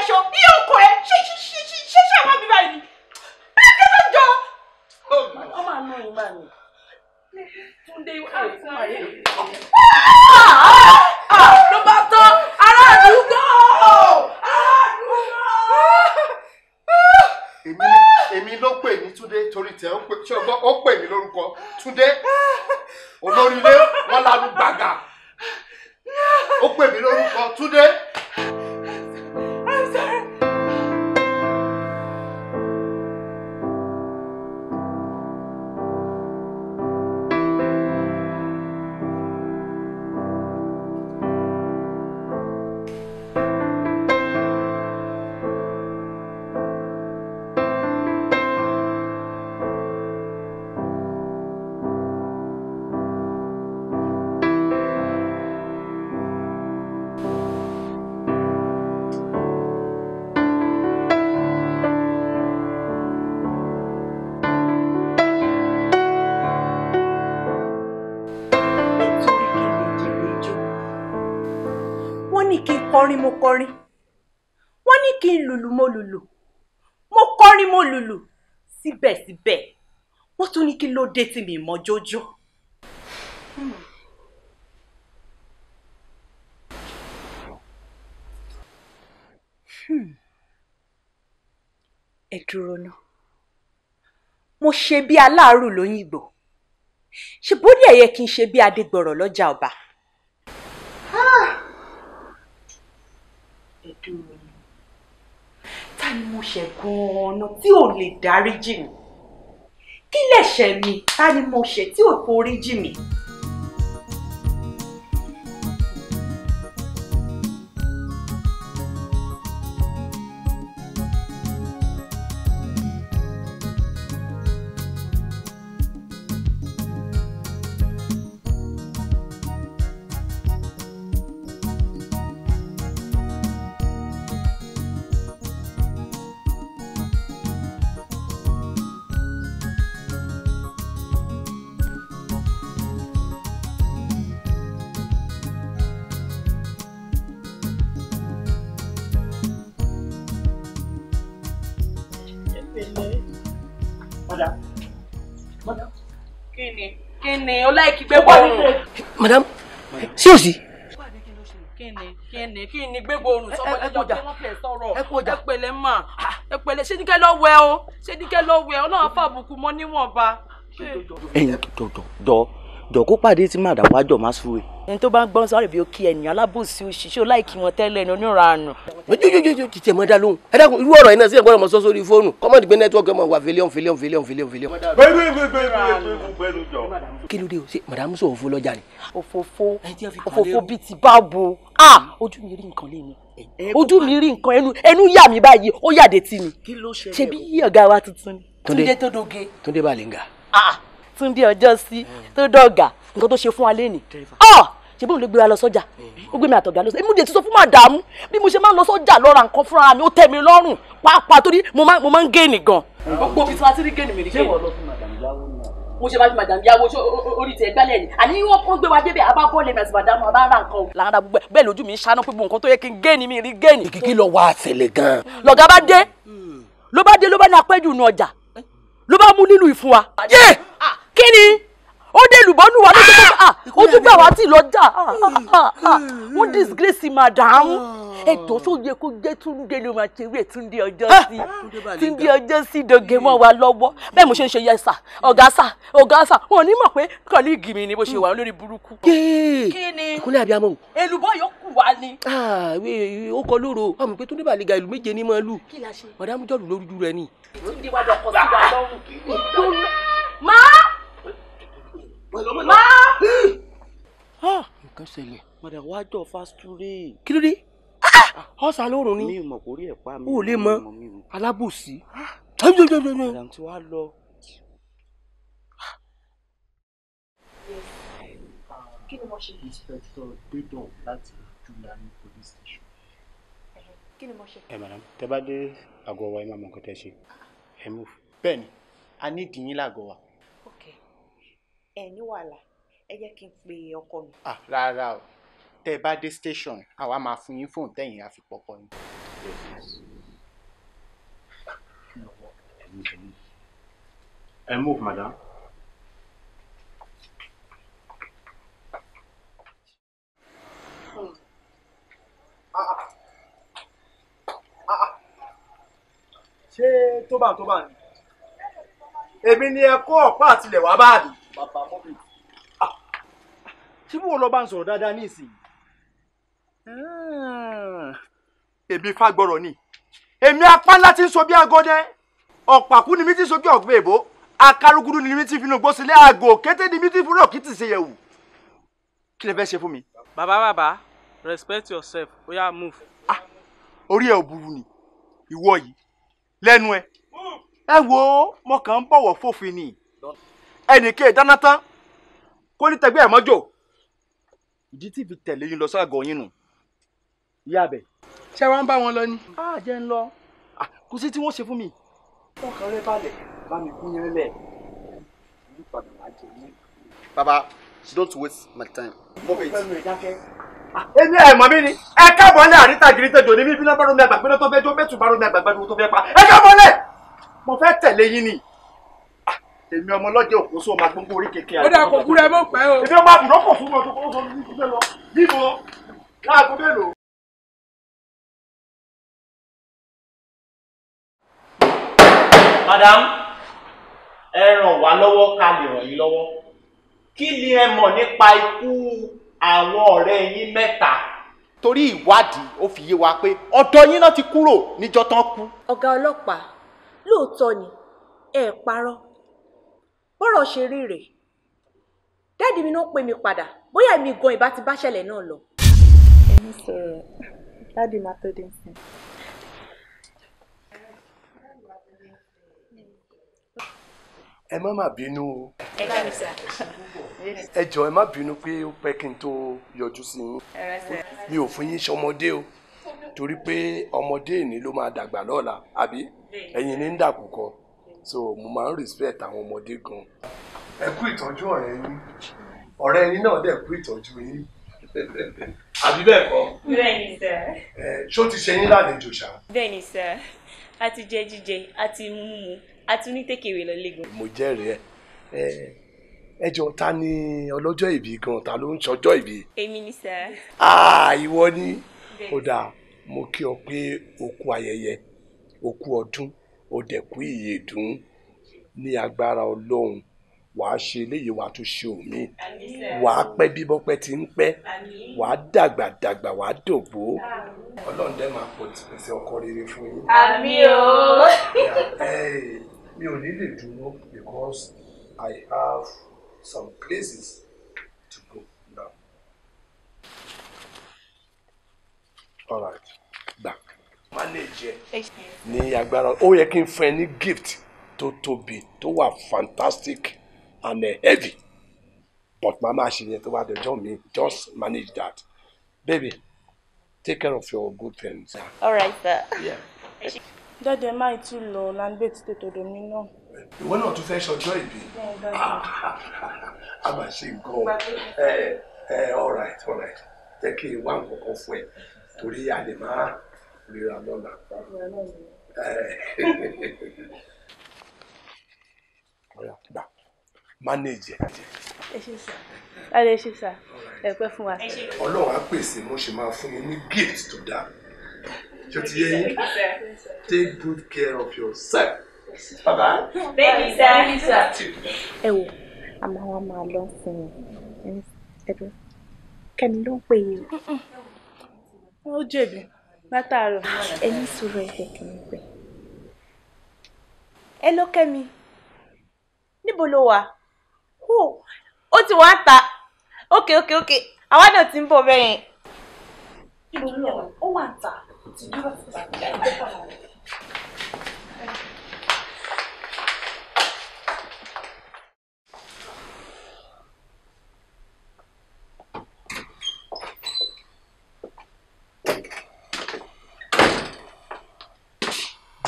dé tí mi mọ jójó. Hmm. ẹ dúró ná mo ṣe bí aláàrù lóyìnbó ṣe bóde ẹ yẹ kí n ṣe bí adégbọrọ lọ́jà ọba. Ah! ẹ dúró ná ta ni mo ṣe gan-an tí ò lè dáríjì mi ṣẹ̀ mi ta ni mo ṣẹ̀ tí ò forí jì mí ni ó láìkí oh. madam sí òsì. kíni kíni gbégbó oorun sọmọdéjọ pé wọn fẹẹ sọ̀rọ̀ ẹ mà ẹ pẹ̀lẹ́ lọ wẹ o ṣé lọ wẹ ọlọ́run fàbùkù mọ́ níwọ̀nba. ẹyin dọ̀dọ̀ dọ̀ dọ̀ kó pàdé tí màdàwájọ má súre ní tó bá ń gbọ́n sọ́ọ́rì bí ó kí ènìyàn alábòsí òṣìṣẹ́ láìkí wọn tẹ́lẹ̀ ní oníranù. jójójójó ti tiẹ̀ mọ́ dá lóhùn ẹ dákun irú ọ̀rọ̀ yìí náà sí ẹ̀gbọ́n ọmọ sọ sórí fóònù kọ́mọ̀dé gbé nẹ́tíwọ́ọ̀kì ọmọ wa fílíọ̀n fílíọ̀n fílíọ̀n fílíọ̀n fílíọ̀n. kí ló dé o ṣe màdàmú sọ òfo lọ́jà ni. òfófó òfófó bíi ti báàbò ah ojú mi rí nǹkan lé mi ojú mi rí nǹkan ẹnu ẹnu yà mí báyìí ó yàdé tì mí ṣebí ọ̀gá wa tuntun ni túndé tó doge túndé balẹ̀ ń ga. túndé ọjọ́ sí tó dọ̀gà nǹkan tó ṣe fún wa lé ni ṣe bóun ló gbé wa lọ sọ́jà ó gbé mi àtọ̀gá lọ sọ́jà èmi ò dé ti sọ fún màdàmú bí mo ṣe máa ń lọ sọ́jà lọ ra nǹkan fúnra mi ó tẹ́ mi lọ́rùn pàápàá torí mo máa ń géènì gan. gbogbo ibi tí wàá ti rí géènì mi rí géènì mo ṣe máa fi màdàmú yáwó orí tiẹ̀ gbálẹ̀ ni àní wọ́n gbé wa débẹ̀ àbá bọ́ọ̀lù ẹ̀mí àti màdàmú àbá ra nǹkan o. làwọn ará gbogbo bẹ́ẹ̀ lójú mi ń ṣáná pé nǹkan tó yẹ kí n géènì mi rí géènì. ìkíkí lọ wá àṣẹlẹ gan. Hmm. lọ́gá bá dé hmm. ló bá dé ló bá ní apẹ́jù nù ọjà eh. ló bá mú nílùú ìfún wa. Ah, kí ni ó dé lùbọ́nù wa lójú pé ah, ah, ó tún gbà wá tí lọ́jà ah, hmm. ó disgrace madam ẹ̀dọ́ tó yẹ kó jẹ́ túndé ló máa ṣeré túndé ọjọ́ sí túndé ọjọ́ sí dògé mọ́ wa lọ́wọ́ bẹ́ẹ̀ mo ṣe ń ṣe yẹ sà ọ̀gá sà ọ̀gá sà wọn ò ní mọ̀ pé kọ́líìgì mi ni bó ṣe wà lórí burúkú. kí ni ìkúnlẹ̀ abiyamọ. èlùbọ́ yóò kù wá ni. ó kọ lóru ọmọ pé túndé bàlíga ìlú méje ní máa lù ọ̀dà mú jọ̀lù lórí ju rẹ ni. túndé wàá dọ̀kọ̀ sí wa lọ́rùn. máa pẹ̀lú ọmọ náà. Ah! nǹkan ṣẹlẹ̀. padà wá jọ fastúrì. kí ló dé ah! Ah! ọ̀sà lóòrùn ni mi ò mọ̀ kó rí ẹ̀ pa mi ò lè mọ alábòsí. jọjọjọjọjọ. ìlànà tí wàá lọ. kí ni wọ́n ṣe. inspector gbẹdọ̀ láti Julani police station. kí ni wọ́n ṣe. ẹ eh, madam tẹ bá dé àgọ́ wa ẹ máa mọ nǹkan tẹ ṣe ẹ mú. bẹ́ẹ̀ni a ní ìdíyín lágọ̀ọ́ wa ẹ ní wàhálà ẹ jẹ́ kí n pe ọkọ mi. ah rárá o tẹ ẹ bá dé station àwa máa fún yín fóònù tẹ̀yìn àfipọ̀kọ yín. ẹ move madam. ṣé tó bá tó bá ni èmi ni ẹ kó ọ̀pá àtilẹ̀ wá báàdì bàbá mọ́ mi. Ah. ṣé bí wọn lọ bá ń sọ̀rọ̀ dáadáa ní ìsìn hmm. èmi fagbọ̀rọ̀ ni èmi apá ńlá ti ń so bí agọdẹ ọ̀pàkú ni mi ti so bí ọ̀gbìn èbó akarugudu ni mi ti finú gbó sílé aago kété ni mi ti fúnra òkìtì ṣe yẹ̀wù kí lè fẹ́ ṣe fún mi. bàbá bàbá respect yourself oya move. ah orí ẹ ò burú ni ìwọ yìí lẹ́nu ẹ ẹ wo mo kàn ń bọ̀wọ̀ fòfin ni ẹnìkẹ́ ẹ̀ tán kó ní tẹ̀gbẹ́ ẹ̀ mọ́jò ìdí tí fi tẹ̀lé yín lọ ságọ̀ yín nù ìyá abẹ. ṣé wàá ń bá wọn lọ ni. a jẹ́ ń lọ kò sí tí wọ́n ṣe fún mi. ọkàn rẹ balẹ̀ bá mi kún yẹn lẹ̀ baba don't waste my time. mo fẹ́ lu ìdákẹ́. èmi ẹ̀ mọ̀ mí ni ẹ káàbọ̀ lẹ́ àríta gírí tẹ̀jọ́ ní bíbí náà bá romi àgbàgbé náà tó fẹ́ jó mẹ́tù bá romi àgbàgbé náà tó fẹ́ pa ẹ káàbọ̀ lẹ́ mo fẹ́ tẹ̀lé yín ni èmi ọmọ lọ́jọ́ òkú sóò máa gbóngbó orí kékeré. ó dà kó kúrẹ́ mọ̀ pẹ́ o. èmi ọmọ àbùrọ́pọ̀ fún mi ọdún kó sọ ní ìdílé lọ níbo láago mélòó. madam ẹ ràn wá lọ́wọ́ ká lè ràn yín lọ́wọ́ kí ni ẹ mọ̀ nípa ikú àwọn ọ̀rẹ́ yín mẹ́ta torí ìwádìí ó fi yé wa pé ọ̀dọ̀ yín náà ti kúrò níjọ́ tán kú. ọ̀gá ọlọ́pàá lóòótọ́ ni ẹ parọ́ bọ́rọ̀ ṣe rí rèé dáàdì mi ló ń pè mí padà bóyá èmi gan ìbá ti báṣẹ̀lẹ̀ náà lọ. èmi sọ̀rọ̀ dáàdì máa tó dé nsìn. ẹ má má bínú o ẹ jọ̀ọ́ ẹ má bínú pé ó pẹ́ kí n tó yọjú sí yín mi ò fún yín ṣọmọdé o torí pé ọmọdé ni ló máa dàgbà lọ́la àbí ẹ̀yin ni ń dàkú kọ́ so mo máa ń respect àwọn ọmọdé gan. ẹ kú ìtọ́jú ọ̀rẹ́ yín ọ̀rẹ́ yín náà dẹ̀ kú ìtọ́jú yín àbí bẹ́ẹ̀ kọ́. bẹ́ẹ̀ni sẹ. ẹ ṣó ti ṣe yín lálejò ṣá. bẹ́ẹ̀ni sẹ a ti jẹ jíjẹ a ti mú mu a ti ní tẹkẹrẹ lọ lẹgùn. mo jẹ́rìí ẹ ẹ jọ ta ni ọlọ́jọ́ ìbí gan ta ló ń ṣọjọ́ ìbí. èmi ni sẹ. Ah, ìwọ ni kódà mo kí ọ pé o ayẹyẹ o ọdún ó dẹ̀ kú ìyè dùn ní agbára ọlọ́run wàá ṣe eléyìí wàá tún ṣe òmíì wàá pẹ́ bí bọ́pẹ́ ti ń pẹ́ wàá dàgbà dàgbà wàá dògbó ọlọ́run dẹ́ máa pọ̀ pèsè ọkọ rere fún yín. àmín o. mi ò ní lè dúró because I have some places to go now. All right manage ẹ ní agbára ó yẹ kí n fún ẹ ní gift tó tóbi tó wà fantastic and heavy but màá máa ṣe yẹn tó bá dọjọ́ mi just manage that baby take care of your good friends. all right sir. Yeah. dọ́dẹ̀ máa tún lọ lambert tètè domi náà. ìwọ náà tún fẹ́ ṣọjọ́ ìbí a máa ṣe nǹkan ẹ eh, ẹ eh, all right all right jẹ́ kí n wá nǹkan kan fún ẹ torí a máa rírà lọ́la. ọ̀yà gbà manage ẹ̀ jẹ́. ẹ ṣe sá a lè ṣe sá ẹ pẹ́ fún wa. ọlọ́run á pèsè mo ṣe máa fún yín ní gift tó dáa ṣé ti yé yín take good care of yourself. bàbá bẹ́ẹ̀ni sá bẹ́ẹ̀ni sá. ẹ wò a máa wá máa lọ fún un ẹdùn kẹ́mi ló ń pè yín. ó jẹ̀bi látàárọ̀. ẹni sọ̀rọ̀ ẹ̀jẹ̀ kì í pẹ́. ẹ ló kẹ́mi níbo ló wà ó ti wá ta ókè ókè ókè àwa náà ti ń bọ̀ bẹ́yẹn. níbo ló wà ó wà ta ti dúró ti ta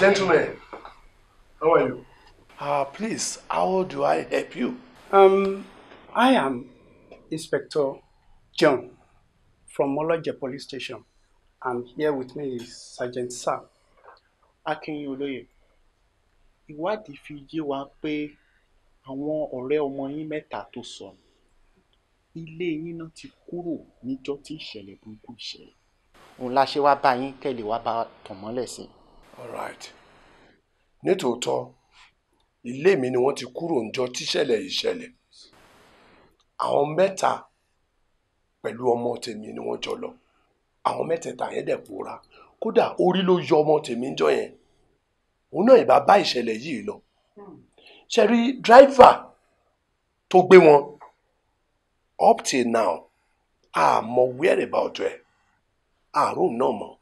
Gentlemen, how are you? Uh, please, how do I help you? Um, I am Inspector John from Moloje Police Station, and here with me is Sergeant Sam Akinyoloye. Ìwádìí fi yé wa pé àwọn ọ̀rẹ́ ọmọ yín mẹ́ta tó sọnù. Ilé yín náà ti kúrò níjọ́ tí ìṣẹ̀lẹ̀ burúkú ìṣẹ̀lẹ̀. Òun la ṣe wá bá yín kẹ́lẹ̀ wá bá tàn mọ́lẹ̀ sí i alright nítòótọ́ ilé mi ni wọ́n ti kúrò ńjọ́ tíṣẹ̀lẹ̀ yìí ṣẹlẹ̀ àwọn mẹ́ta pẹ̀lú ọmọ tèmi ni wọ́n jọ lọ àwọn mẹ́tẹ̀ẹ̀ta yẹn dẹ̀ pòórá kódà orí ló yọ ọmọ tèmi ńjọ́ yẹn òun náà ìbá bá ìṣẹ̀lẹ̀ yìí lọ ṣe rí dráìvà tó gbé wọn up till now àmọ́ about ẹ̀ àrùn náà mọ́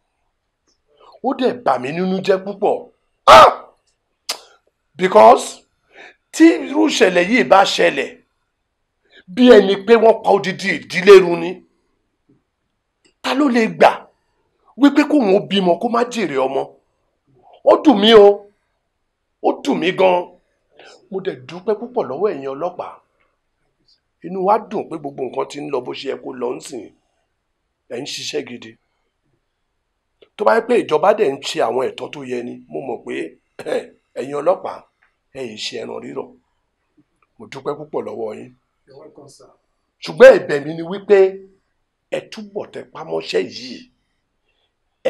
ó dẹ̀ bà mí nínú jẹ́ púpọ̀ ah because tí irú ìṣẹ̀lẹ̀ yìí bá ṣẹlẹ̀ bí ẹni pé wọ́n pa odidi ìdílé run ni ta ló lè gbà wípé kóun ó bímọ kó má jèrè ọmọ ó dùn mí o ó dùn mí gan mo dẹ̀ dúpẹ́ púpọ̀ lọ́wọ́ ẹ̀yin ọlọ́pàá inú wa dùn pé gbogbo nǹkan ti ń lọ bó ṣe yẹ kó lọ ń sìn ẹ̀ ń ṣiṣẹ́ gidi tó bá yẹ pé ìjọba dẹ̀ ń ṣe àwọn ẹ̀tọ́ tó yẹ ni mo mọ̀ pé ẹ̀yin ọlọ́pàá ẹ̀ yìí ṣe ẹran rírọ̀ mo dúpẹ́ púpọ̀ lọ́wọ́ yín ṣùgbọ́n ẹ̀bẹ̀ mi ni wípé ẹ túbọ̀ tẹ pámọ́ṣẹ́ yìí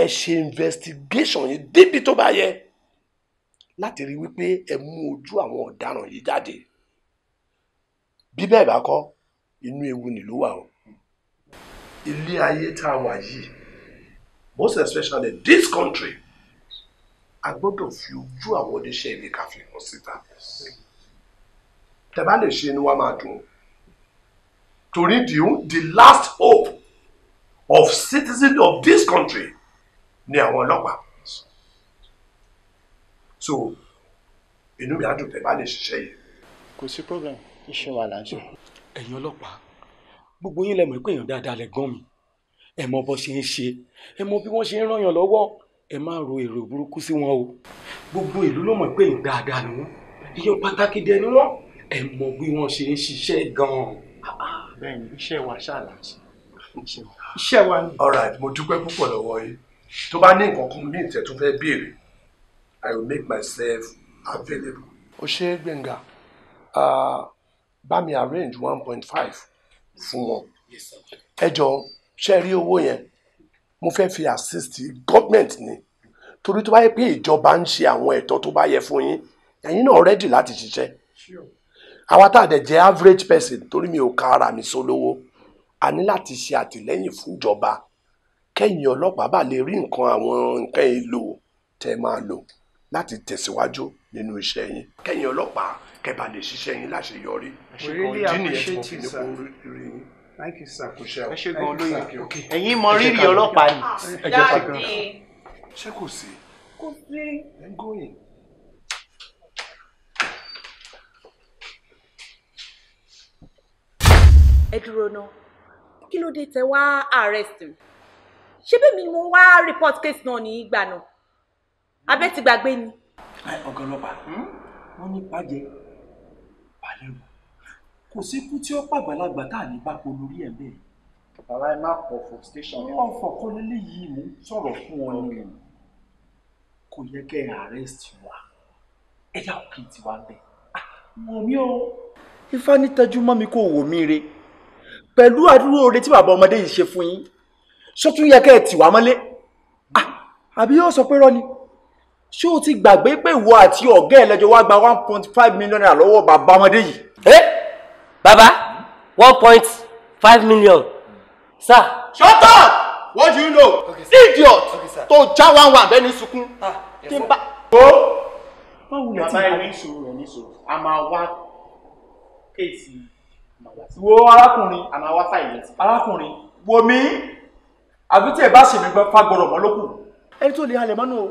ẹ ṣe investigation yìí débi tó bá yẹ láti rí wípé ẹ mú ojú àwọn ọ̀daràn yìí jáde bí bẹ́ẹ̀ bá kọ́ inú ewu nìlú wà o ilé ayé tá a wà yìí most especially this country a gbọ́dọ̀ fi ojú àwọn oníṣẹ́ ibi ká fi hàn síta tẹ́ bá lè ṣe inú wa máa dùn torí the the last hope of citizens of this country ni àwọn ọlọ́pàá so inú mi á dùn tẹ́ bá lè ṣiṣẹ́ yìí. kò sí problem iṣẹ́ wa là ń ṣe. ẹ̀yin ọlọ́pàá gbogbo yín lẹ mọ̀ pé èèyàn dáadáa lẹ gán mi ẹ mọ bó ṣe ń ṣe ẹ mọ bí wọ́n ṣe ń rànyàn lọ́wọ́ ẹ má ro èrò burúkú sí wọn o gbogbo ìlú ló mọ̀ pé ìdáadáa ni wọ́n iye pàtàkì dẹ ni wọ́n ẹ mọ bí wọ́n ṣe ń ṣiṣẹ́ gan-an. bẹ́ẹ̀ni wa ṣàlà iṣẹ́ wa ni. all mo dúpẹ́ púpọ̀ lọ́wọ́ yìí tó bá ní nǹkan kan ní ìtẹ̀ tó fẹ́ béèrè i will make myself available. ó ṣe é gbẹ̀ngà bá mi arrange one point five fún wọn ẹ jọ ṣe rí owó yẹn mo fẹ́ fi assist government ni torí tó bá yẹ pé ìjọba ń ṣe àwọn ẹ̀tọ́ tó bá yẹ fún yín ẹ̀yin náà ready láti ṣiṣẹ́ àwa tá a dẹ̀ jẹ́ average person torí mi ò ka ara mi sólówó a ní láti ṣe àtìlẹ́yìn fún ìjọba kẹ́yìn ọlọ́pàá bá lè rí nǹkan àwọn nǹkan èlò tẹ́ máa lò láti tẹ̀síwájú nínú iṣẹ́ yín kẹ́yìn ọlọ́pàá kẹ́ bá lè ṣiṣẹ́ yín láṣeyọrí ìdí nìyẹn tí fi ní kó rí yín thank you sir kò ṣe ọ ṣe gan olóyè ẹ̀yin mọ rírì ọlọ́pàá ni. Ah, dáàdi ṣé kò sí. kò sí. ẹ ń gòyìn. ẹ dúró ná kí ló dé tẹ wá arrest mi ṣé bẹ́ẹ̀ mi mo wá report case náà ní ìgbà náà abẹ́ ti gbàgbé ni. ọ̀gá ọlọ́pàá hmm? wọ́n ní pàjẹ́ balẹ̀ kò sí kú tí ó pàgbàlagbà tá à ní bá kó lórí ẹ̀ bẹ́ẹ̀. bàbá ẹ má pọ̀ fún station yẹn. wọ́n fọ̀kọ́ lélẹ́ yìí mò ń sọ̀rọ̀ fún ọ ni kò yẹ kẹ́ ẹ arrest wa ẹ dá òkè tiwa ń bẹ̀ wọ́n mi ò. ifá ní tẹjú mọ́ mi kó wò mí re pẹ̀lú àdúró oore tí bàbá ọmọdé yìí ṣe fún yín sọ́tún yẹ kẹ́ ẹ tì wá mọ́lé ah, àbí yóò sọ pé rọ́ ni ṣé o ti gbàgbé pé ìwọ àti ọ̀gá ẹ̀ lẹ́jọ́ wá gba one point five million naira lọ́wọ́ bàbá ọmọdé yìí. Eh? baba one point five million sir. shut up what do you know okay, idiot tó já one one bẹ́ẹ̀ ní sunkún tí ah, n bá. o báwo ni bàbá yẹn ní ìṣòro rẹ ní ìṣòro a máa wá kéèsì wo arákùnrin a máa wá fàyè arákùnrin wo mi àbí tí ẹ bá ṣèmí fagbọrọ mọ lókù. ẹni tó lè halẹ̀ mọ́nú o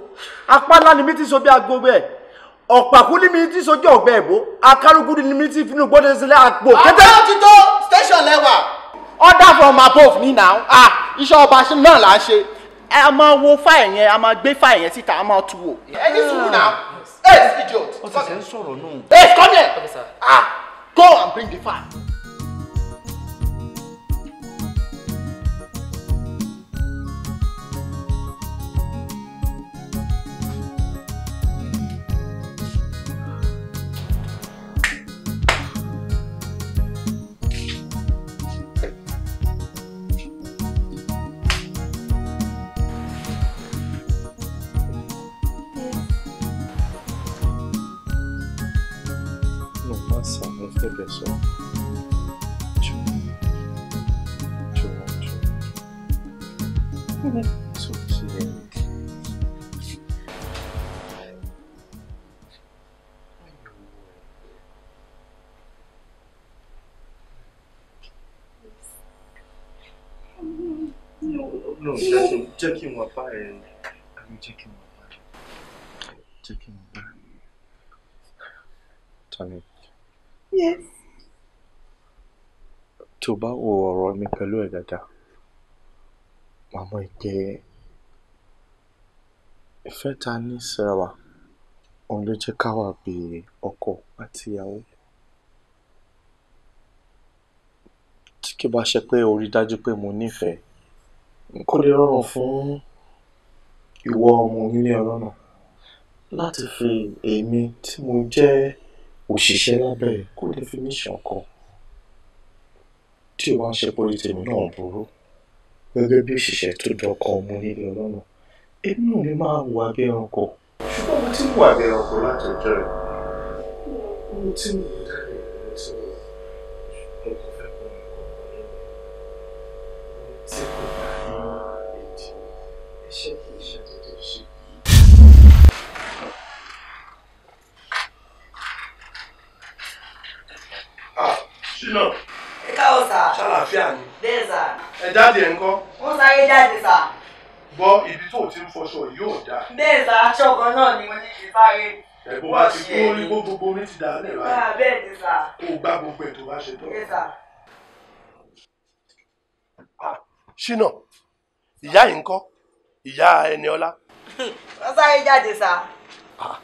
apá ńlá ni mi ti sọ bí aago bẹ́ẹ̀ ọ̀pàkúlí mi ti sojú ọ̀gbẹ́ ẹ̀bó akárugúdi ni mi ti gbọ́dọ̀ sílẹ̀ àpò kété. àwọn ti tó station lẹ́wà. order from above ni now ah iṣẹ́ ọba náà là ń ṣe a máa wo fáì yẹn a máa gbé fáì yẹn síta a máa tu wò. ẹni sùúrù náà eight idiot. ó ti sẹ́ ń sọ̀rọ̀ náà. eight come here ah go and bring the file. pẹ̀lú ẹ̀ dáadáa, wàá mọ̀ wí pé ìfẹ́ ta ní síra wa òun ló jẹ́ ká wà bí ọkọ àti ìyàwó. Tí kì í bá ṣe pé o rí i dájú pé mo nífẹ̀ẹ́, kò lè rọrùn fún ìwọ ọmọ onílé fi èmi tí mo jẹ́ òṣìṣẹ́ lábẹ́ ẹ̀ kó lè tí o bá ń ṣe pé tèmi náà burú gẹ́gẹ́ bí òṣìṣẹ́ tó dọkọ ọmọ nílé ọlọ́run èmi náà lè máa wà bí ẹranko. ṣùgbọ́n mo ti ń wà bí ẹranko láti ọjọ́ rẹ̀ mo ti ń yí dáre mo ti ń yí ọkọ̀ fẹ́ kọ́ ẹ̀kọ́ mo ti kò bá ní èdè ẹ̀ṣẹ́ kì í ṣàdédé ṣe. Shut up ẹ káwọ ni. bẹ́ẹ̀ sà. ẹ jáde ẹ ń kọ́. wọ́n sáré jáde sà. gbọ́ ibi tó o ti ń fọṣọ yóò dáa. bẹ́ẹ̀ sà aṣọ náà ni mo ní kí sáré. ẹ̀bùn bá ti kó orí gbogbo orí ti dà lẹ̀ báyìí. Ah, bẹ́ẹ̀ ni sà. kó o gbá gbogbo ẹ̀ tó bá ṣe tán. bẹ́ẹ̀ sà. Ah, ṣínà ìyá yìí ń kọ́ ìyá ẹni ọlá. wọ́n sáré jáde sà. Ah,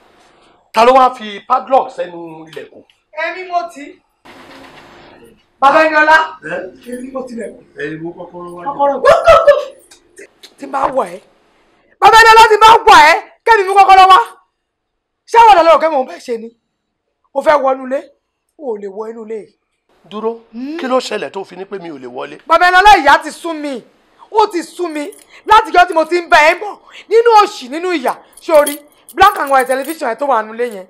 ta ló wá fi padlock sẹ́nu ilẹ̀kùn. ẹ̀mí mo ti bàbá Ẹniọlá. ẹ kí ni mo ti rẹ̀. ẹyin mo kọ́kọ́rọ́ wá. kọ́kọ́rọ́ gbọ́dọ̀ ti máa wà ẹ́ bàbá Ẹniọlá ti máa wà ẹ́ kẹ́mi mú kọ́kọ́rọ́ wá ṣé àwọn ọ̀dọ́ lọ́rọ̀ kẹ́mi òun fẹ́ ṣe ni o fẹ́ wọ o ò lè wọ inú ilé. dúró hmm? kí ló ṣẹlẹ̀ tó fi ní pé mi ò lè wọlé. bàbá Ẹniọlá ìyá ti sún mi ó ti sún mi látijọ́ tí mo ti ń bẹ ẹ́ bọ̀ nínú òṣì nínú ìyà sórí black and white television ẹ̀ tó wà nulẹ̀ yẹn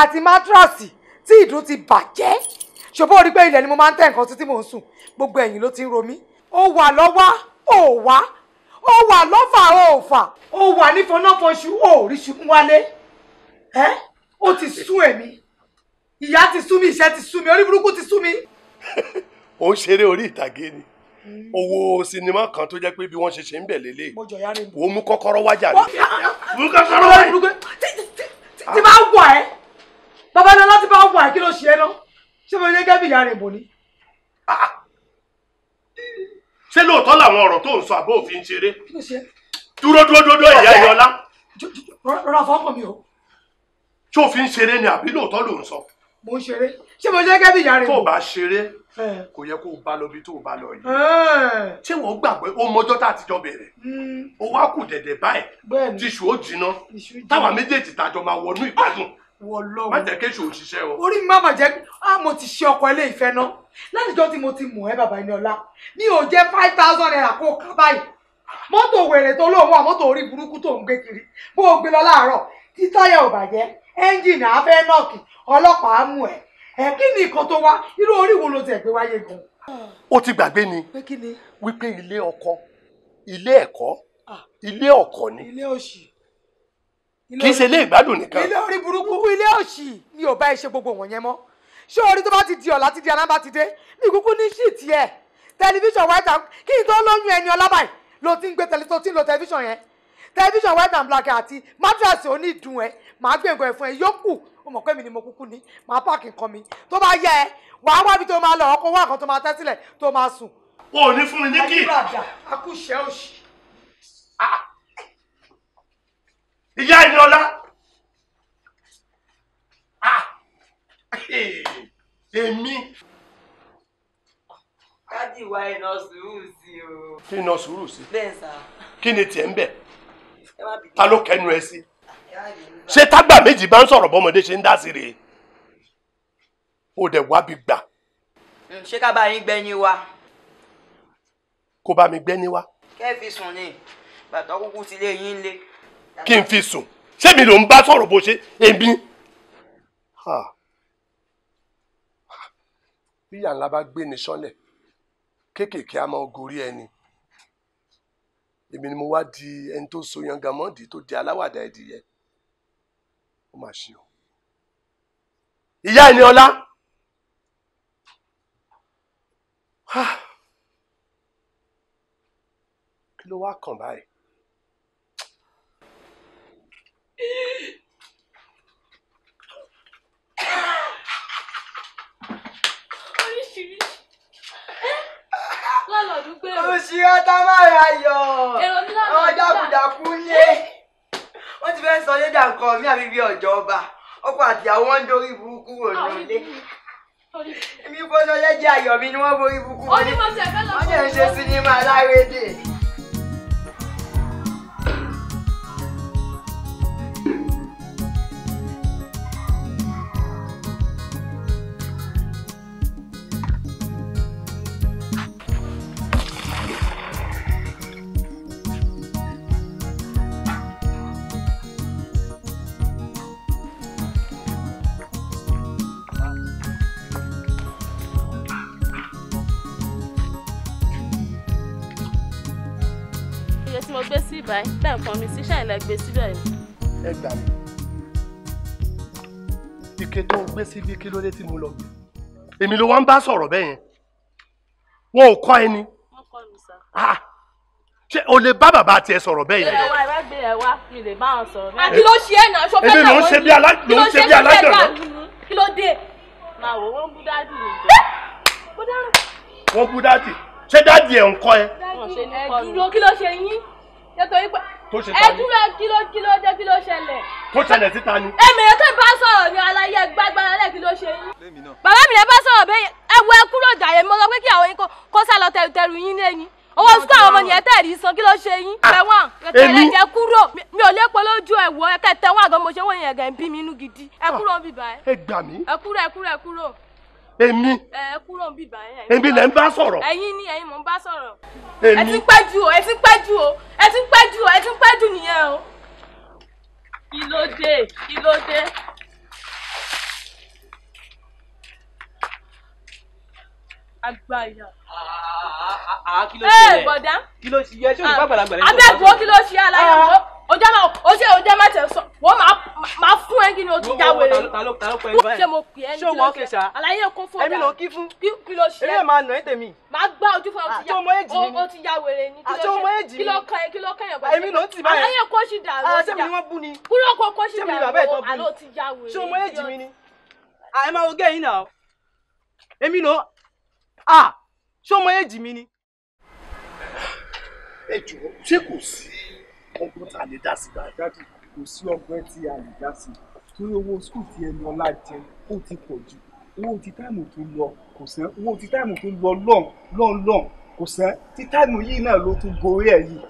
àti mátràsì tí ìdun ti bàjẹ́ ṣùgbọ́n o rí pé ilẹ̀ ni mo máa ń tẹ̀ nǹkan títí mò ń sùn gbogbo ẹ̀yìn ló ti ń ro mí ó wà lọ́wọ́ ó wá ó wà lọ́fà ó fà ó wà nífọ̀nàfọ̀ṣù ó rí ṣùkún wálé ẹ́ ó ti sún èmi ìyá ti sú mi ìṣẹ́ ti sú mi orí burúkú ti sú mi. ó ń ṣeré orí ìtàgé ni owó sinimá kan tó jẹ́ pé bí wọ́n ṣe ṣe ń bẹ̀ lélẹ̀ wò ó mú kọ́kọ́rọ́ wájà ni mú kọ́kọ́rọ́ wájà ni. tí bá wà ẹ́ babalọ́lá tí bá wà ẹ́ kí ló ṣe é náà ṣé mo lè gẹ́bí ìyá rẹ̀ bò ní. Ah, ah. ṣé lóòótọ́ làwọn ọ̀rọ̀ tó ń sọ àbó òfin ṣeré dúró dúró dúró ìyá ìyọlá. rọra fọkàn mi o. ṣé òfin ṣeré ni àbí lóòótọ́ ló ń sọ. mo ń ṣeré ṣé mo lè gẹ́bí ìyá rẹ̀ bò. tó o bá ṣeré kò yẹ kó o bá lọ bí tó o bá lọ yìí ṣé wọn gbàgbé o mọjọ tá a ti jọ bẹ̀rẹ̀ o hmm. wá kù dẹ̀dẹ̀ báyìí tíṣù ó jiná táwa méjèèjì tàjọ máa wọnú ìgbádùn wọ lọ́wọ́. má jẹ́ kéṣù òṣìṣẹ́ o. orí mi má bàjẹ́ ah mo ti ṣe ọkọ ilé ìfẹ́ náà látijọ́ tí mo ti mọ̀ ẹ́ bàbá ẹni ọlá mi ò jẹ́ five thousand naira kó ká báyìí mọ́tò wèrè tó lóun wà mọ́tò orí burúkú tó ń gbé kiri bó o gbé lọ láàárọ̀ tí táyà ò bàjẹ́ ẹ́ńjìnì àfẹ́ nọ́ọ̀kì ọlọ́pàá mú ẹ̀ ẹ̀ kí ni nǹkan tó wá irú orí wo ló ti ẹ̀gbẹ́ wáyé gan. ó ti gbàgbé ni wípé ilé ọkọ ilé ẹ̀kọ́ ah kì í ṣe ilé ìgbádùn nìkan. ilé orí burúkú ilé òṣì ni ò bá ẹ ṣe gbogbo wọ̀nyẹn mọ́ ṣé orí tó bá ti di ọ̀la ti di anábà ti dé ní kúkú ní ṣìtì ẹ̀ tẹlifíṣàn white and kí n tó lóyún ẹni ọlábàá yìí ló ti ń gbé tẹlifíṣàn tó ti ń lo tẹlifíṣàn yẹn tẹlifíṣàn white and black àti mattress onídùn ẹ màá gbé nǹkan ẹ fún ẹ yókù ó mọ̀ pé mi ni mo kúkú ní màá páàkì nǹkan mi tó bá yẹ ẹ wàá wábi tó máa lọ ọkọ wá nǹkan tó máa tẹ́ sílẹ̀ tó máa sùn ìyá ìnọlá ah. èmi. dádì wa iná sùúrù sí o. iná sùúrù sí. bẹ́ẹ̀ sà. kí ni tiẹ̀ ń bẹ̀? ta ló kẹnu ẹ sí? ṣé tágbà méjì bá ń sọ̀rọ̀ bọ́mọdé ṣe ń dá sí rèé? ó dẹ̀ wá bí gbà. Hmm, ṣé ká bá yín gbẹ́yìn wa. kó bá mi gbẹ́yìn wa. kẹ́ẹ̀ fi sùn ni bàtà kúkú ti lé yín lé kí n fi sùn ṣébi ló ń bá sọ̀rọ̀ bó ṣe èmi. bíyà ńlá bá gbé ni sọ́lẹ̀ kéékèèké a máa gorí ẹni èmi ni mo wá di ẹni tó so yangamọ́ọ̀dì tó di aláwàdà ẹ̀dìyẹ ó mà ṣe o. ìyá ẹni ọlá kí ló wá kàn báyìí. oríṣiríṣi lálọ́dún pé. máa ra yọ̀ ọ́ jákujàku lé wọ́n ti fẹ́ sọ yéjà kan mí àbí ọ̀jọ́ ọba ọkọ àtìyàwó wọn ń dorí burúkú wò lóde èmi gbọ́dọ̀ lẹ́jẹ̀ ayọ̀ mi ni wọ́n borí burúkú wọlé wọ́n jẹ́ ń ṣe sinimá alárédè. tẹ̀ ń fọnmi sí ṣàìlẹ̀ gbé síbẹ̀ ni. ẹ gbà mí ike tó ń gbé síbi kí ló dé tí mo lọ gbé èmi ló wá ń bá sọ̀rọ̀ bẹ́ẹ̀ yẹn wọn ò kọ́ ẹni ṣe o lè bá bàbá tiẹ̀ sọ̀rọ̀ bẹ́ẹ̀ yẹn. ẹwà ẹwà gbé ẹwà mi lè bá wọn sọ̀rọ̀ bẹ́ẹ̀. àkìló ṣe é náà ṣọfẹ́ náà wọ́n ní kí ló ṣe bí alájọ̀rọ̀ kí ló dé. màá wò wọ́n bú dáàdì mi jọ. wọ́n bú dáàdì ṣé dáàdì ẹ̀ ń kọ́ ẹ. ẹ dúró kí ló ṣe yín nítorí pé tó ṣe ta ni. ẹ dúró kí ló kí ló dé kí ló ṣẹlẹ̀. tó ṣẹlẹ̀ síta ni. èmi ètò ìbá sọ̀rọ̀ ni aláyé gbágbára lẹ́ kí ló ṣe yín. bàbá mi lè bá sọ̀rọ̀ bẹ́ẹ̀ ẹ wọ ẹ kúrò jàre mo sọ pé kí àwọn yín kó sá lọ tẹrù yín lé ni owó sukú àwọn ọmọ nìyẹn tẹ̀rí san kí ló ṣe yín tẹ̀wọ̀n ah, tẹ̀lé jẹ́ kúrò mi ò lè pọ̀ lójú ẹ̀ wọ ẹ kẹ́ tẹ̀wọ̀n àgọ́ mo ṣe wọ̀nyẹn gẹ̀ ń bí mi inú gidi ẹ kúrò bíbá ẹ. ẹ gbà mí. ẹ kúrò ẹ kúrò ẹ kúrò. Emi. ẹ kúrò ń bìbà yẹn. èmi lẹ ń bá sọ̀rọ̀. ẹ̀yin ni ẹ̀yin mò ń bá sọ̀rọ̀. èmi. ẹ ti ń pẹ́ jù o ẹ ti ń pẹ́ jù o ẹ ti pẹ́ jù o ẹ ti pẹ́ jù nìyẹn o. kí ló dé kí ló dé agbáyà. Ah, ah, ah, kí ló ṣe yẹ kí ló ṣe yẹ ṣé òṣìṣẹ́ àgbàlagbà lẹ́yìn tó bá tó. abẹ́gbọ́ kí ló ṣe aláyàwó ọjà máa ó ṣe ọjà máa tẹ̀ sọ wọ́n máa fún ẹ kí ni o ti jáwé rẹ. ṣé mo pè é ní kí ló ṣe àlàyé kún fún ọjà èmi ló kí fún kí ló ṣe. èmi máa nà é tèmi. máa gbá ojú fún ọ ti jáwé rẹ ni kí ló ṣe kí ló kẹyàn gbọ́dọ̀. èmi ló ti báyẹn àlàyé kó ṣì dà ló ti jà kúrò kó kó ṣì dà ló àló ti jáwé rẹ. ṣé mo èjì mi ni àyè ló ah ṣé ọmọ èjì mi ni. ẹ jùlọ ṣé kò sí ọgbọ́n tí a lè dá sí dájú. kò sí ọgbọ́n tí a lè dá sí torí owó skul ti ẹnu ọlá jẹ ó ti pọ̀ jù owó ti táìmù tó lọ kò sẹ́ owó ti táìmù tó lọ lọ́n lọ́n lọ́n kò sẹ́ ti táìmù yìí náà ló tún gorí ẹ̀ yìí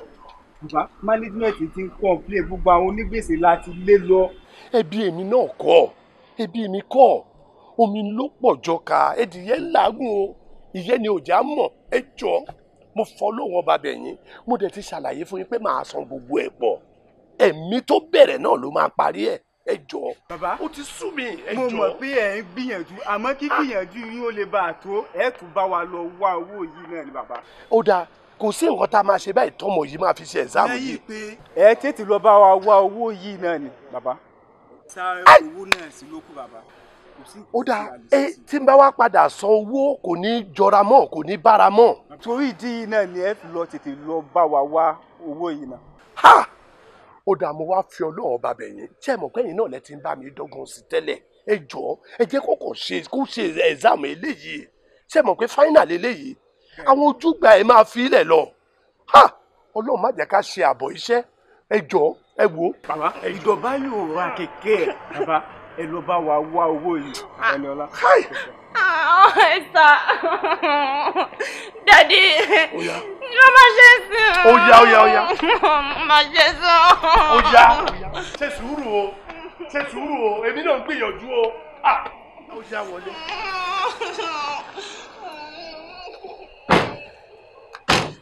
bùbá management ti ń complain gbogbo àwọn onígbèsè láti lé lọ. ẹbí èmi náà kọ́ ẹbí mi kọ́ omi ló pọ̀ jọka ẹdìyẹ làágùn o ìyẹn ni òjá mọ̀ ẹ jọ mo fọ lóhùn ọba bẹ̀yìn mo dẹ̀ ti ṣàlàyé fún yín pé màá san gbogbo ẹ̀ pọ̀ ẹ̀mí tó bẹ̀rẹ̀ náà ló máa parí ẹ̀ ẹ jọ. bàbá ó ti sú mi ẹ jọ. mo mọ̀ pé ẹ̀ ń gbìyànjú àmọ́ kí ah! gbìyànjú yín ó lè bá a tó ẹ̀ tún bá wa lọ wá owó yìí náà ni bàbá. ó dáa kò sí nǹkan tá a máa ṣe báyìí tọmọ yìí máa fi ṣe ẹ̀sáàmù yìí. ẹ tètè lọ bá wa wá owó yìí náà ni bàbá. sáré owó náà sí lókù bàbá ó dáa ẹ tí n bá wá padà sọ owó kò ní jọra mọ́ kò ní bára mọ́. torí ìdí yìí náà ni ẹ fi lọ tètè lọ bá wa wá owó yìí náà. ha ó dáa mo wá fi ọlọ́run ọba bẹ̀ yín tí ẹ mọ̀ pé ẹ̀yin náà lẹ ti ń bá mi dọ́gbọ́n sí tẹ́lẹ̀ ẹ jọ̀ọ́ ẹ jẹ́ kó kàn ṣe kó ṣe ẹ̀záàmù eléyìí tí ẹ mọ̀ pé fáínà lélẹ́yìí àwọn ojúgbà ẹ máa fi ilẹ̀ lọ ha ọlọ́run má jẹ́ ká ṣe àbọ̀ iṣẹ́ ẹ jọ̀ọ́ ẹ wò. bàbá ìjọba yóò ra kẹ̀kẹ́ bàbá ẹ ló bá wa wá owó yìí Ẹniọlá. ẹ sà dadi ló má ṣe sùn. ó yá ó yá ó yá. má ṣe sùn. ó yá ṣe sùúrù o ṣe sùúrù o èmi náà ń gbìyànjú o ó ah, yá wọlé.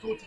tó ti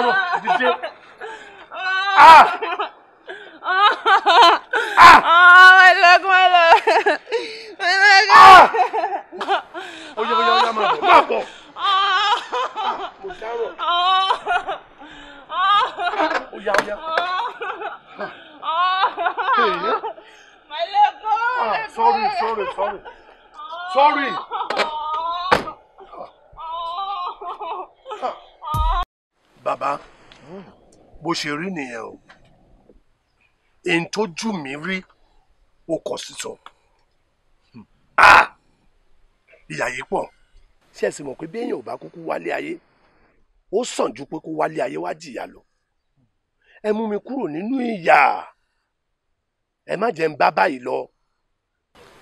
あ us to talk. Hmm. ah, ah! ìyà yìí pọ̀ ṣé ẹ sì mọ̀ pé bí èèyàn ò bá kúkú wálé ayé ó sàn ju pé kó wálé ayé wá jìyà lọ ẹ mú mi kúrò nínú ìyà ẹ má jẹ́ ń bá báyìí lọ.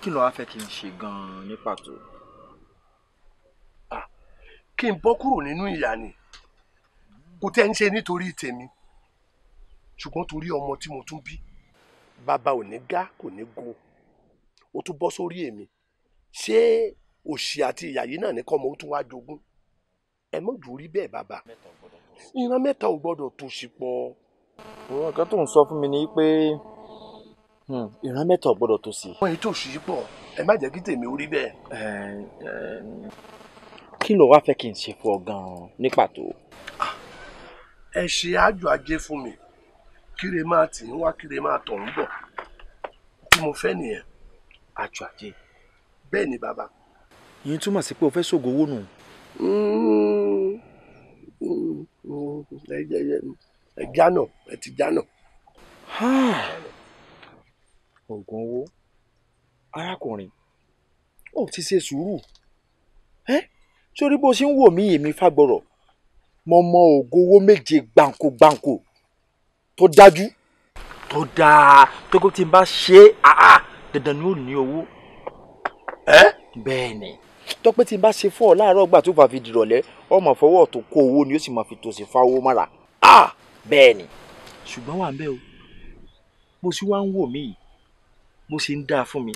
kí ló wá fẹ́ kí n ṣe gan-an ní pàtó. Ah! kí n bọ́ kúrò nínú ìyà ni kò tẹ́ ń ṣe nítorí tèmi ṣùgbọ́n torí ọmọ tí mo tún bí bàbá ò ní gá kò ní go o tún bọ́ sórí èmi ṣé òṣì àti ìyà yìí náà ní kọ́mọ ó tún wá jogún ẹ mọ̀ jù rí bẹ́ẹ̀ bàbá ìran mẹ́ta ò gbọ́dọ̀ tó sí pọ̀. àwọn kan tó ń sọ fún mi ni pé hmm, ìran mẹ́ta ò gbọ́dọ̀ tó sí. wọ́n yìí tó sí pọ̀ ẹ má jẹ́ kí tèmi ó rí bẹ́ẹ̀. kí ló wá fẹ́ kí n ṣe fún ọ gan-an ní pàtó. Ah, ẹ ṣe àjò ajé fún mi kíre máa tì ń wá kíre máa tọ̀ ń bọ̀ tí mo fẹ́ nìyẹn àjọ àjẹ bẹ́ẹ̀ ni bàbá. ìyẹn túmọ̀ sí pé o fẹ́ ṣògo owó nù. ẹ jánà ẹ ti jánà. oògùn owó arákùnrin ó ti ṣe sùúrù sórí bó ṣe ń wò mí èmi fagbọrọ mo mọ ògo owó méje gbàǹkó gbàǹkó tó dájú tó dáa tó kó tí n bá ṣe é dandan ni ó ní owó. ẹ. bẹ́ẹ̀ ni. tọ́pẹ́ tí n bá ṣe fún ọ láàárọ̀ gbà tó bá fi dìrọ̀lẹ́ ọmọ fọwọ́ tó kó owó ni ó sì máa fi tòsí fa owó mára. a bẹ́ẹ̀ ni. ṣùgbọ́n wà ń bẹ́ o mo sì wá ń wò mí yìí mo sì ń dáa fún mi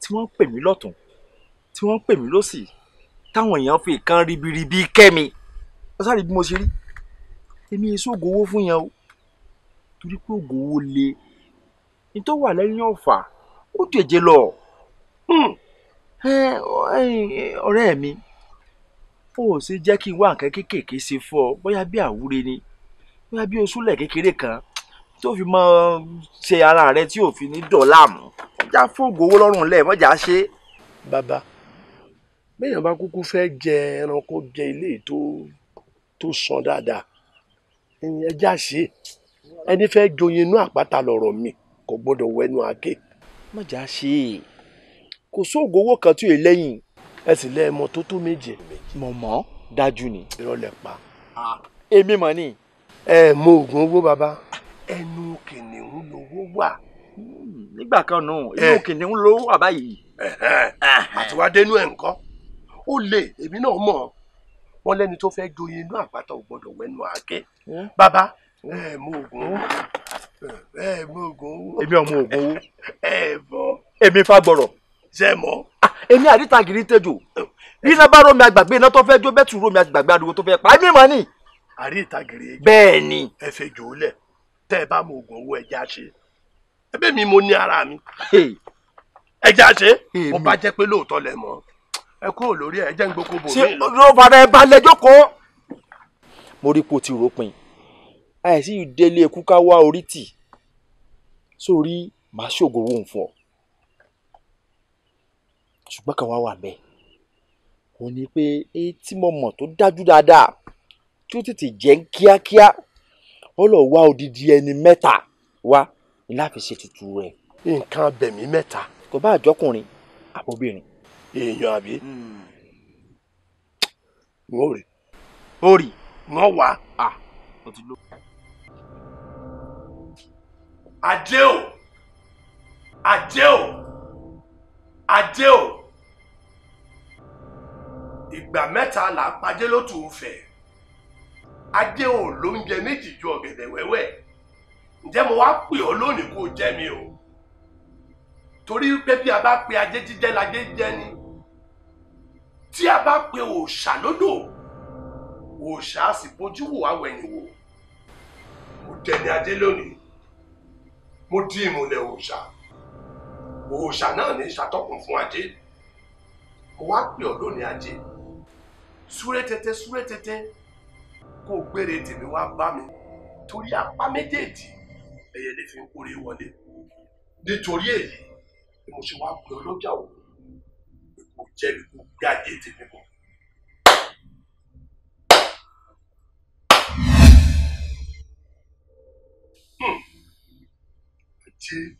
tí wọ́n ń pè mí lọ́tún tí wọ́n ń pè mí lọ́sì táwọn èèyàn fi kan ribiribi kẹ́ mi ó sáré bí mo ṣe rí èmi èso ògòwó fún yẹn o torí pé ògòwó le ní tó wà lẹ́yìn ọ̀fà ó dèje lọ hmm. ọ̀rẹ́ mi ó sì jẹ́ kí n wá nǹkan kéékèèké ṣe fún ọ bóyá bí àwúre ni bóyá bí oṣúlẹ̀ kékeré kan tó fi mọ ṣe ara rẹ tí ò fi ní dọ̀làmù ọjà fóògùn owó lọ́rùn lẹ̀ mọ́jà ṣe. bàbá béèyàn bá kúkú fẹ́ jẹ ẹranko jẹ ilé tó tó sàn dáadáa ẹja ṣe ẹni fẹ́ joyin inú àpáta lọ̀rọ̀ mi kò gbọ́dọ̀ wẹnu àáké mọ̀já ṣe é kò sóògùn owó kan tí ò lẹ́yìn. ẹ sì lẹ́ ẹmọ tó tó méje. mọ̀ mọ́ dájú ni. ìrọ̀lẹ́ pa. èmi mọ̀ ni. ẹ mọ oògùn owó baba ẹnu kìnìún lówó wà. Hmm, nígbà kan nù inú kìnìún lówó wà báyìí. àtiwádẹ́nu ẹ̀ ń kọ́ ó lè èmi náà mọ̀ wọ́n lẹ́ni tó fẹ́ joyè inú àpáta ò gbọ́dọ̀ wẹ́nu àáké. baba ẹ mọ oògùn owó ẹ mú oògùn owó. èmi ọmọ oògùn owó. ẹ bọ. èmi fa gbọrọ. ṣe mọ. Ah, èmi àrítàgìrì tẹjọ iná bá romi àgbàgbé iná tó fẹ́ jó bẹ́ẹ̀ tún romi àgbàgbé ariwo tó fẹ́ pa èmi mọ ni. àrítàgìrì ejò. bẹ́ẹ̀ ni. ẹ fẹ́ jò ó lẹ̀ tẹ́ ẹ bá mọ oògùn owó ẹja ṣe ẹbí mi mo ní ara mi ẹja ṣe mo bá jẹ́ pé lóòótọ́ lẹ mọ̀ ẹ kúrò lórí ẹ jẹ́ ń gbókòbò mi. ṣé ló fara ẹ balẹ̀ jókòó. mo rí i pé o àìsí ìdélé ikú ká wá orí tì sórí màá ṣògo owó fún ọ ṣùgbọ́n kan wá wà bẹ́ẹ̀ òun ni pé èyí tí mo mọ̀ tó dájú dáadáa tí ó tètè jẹ́ kíákíá ó lọ wá odidi ẹni mẹ́ta wá láti ṣe tutù rẹ̀. nǹkan abẹ̀mí mẹ́ta. kò bá àjọkùnrin àbóbìnrin. èèyàn àbí. wọ́n rè. ó rì. wọ́n wà. ah ó ti lọ. I do. I do. ajé o ìgbà mẹ́ta là á pàdé lótú fẹ̀ ajé o ló ń jẹ méjì ju ọ̀gẹ̀dẹ̀ wẹ́wẹ́ ǹjẹ́ mo wá pè ọ́ lónìí kó jẹ́ mi o torí pé bí a bá pe ajé jíjẹ́ lajé jẹ́ ni tí a bá pe òòṣà lódò òòṣà á sì bójú wò á wẹ̀yìn wò mo dẹni ajé lónìí mo di ìmùlẹ̀ òòṣà òòṣà náà ní ìṣàtọ́kùn fún ajé mo wá pè ọ́ lónìí ajé súré tẹ́tẹ́ súré tẹ́tẹ́ kó o gbére tèmi wá bá mi torí apá méjèèjì ẹyẹ lè fi ń kórè wọlé nítorí èyí ni mo ṣe wá pè ọ́ lọ́jà òun kò jẹ́ mi kó gbé ajé tèmi kọ́. two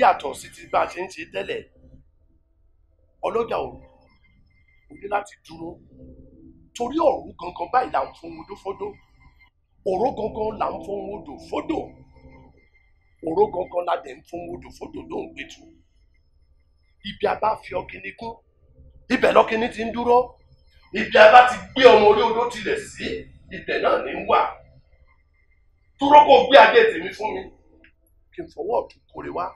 yàtọ̀ sí ti bá a ṣe ń ṣe tẹ́lẹ̀ ọlọ́jà òru kò ní láti dúró torí òru gangan báyìí là ń fohun odó fódó òró gangan là ń fohun odò fódò òró gangan la dẹ̀ ń fohun odò fódò ló ń pẹ̀tù ibi a bá fi ọkìnrin kún ibẹ̀ lọ́kìnní ti ń dúró ibi a bá ti gbé ọmọ orí odó tilẹ̀ sí ibẹ̀ náà ní wà dúró kó gbé adé tèmi fún mi kí n fọwọ́ ọ̀tún kórè wá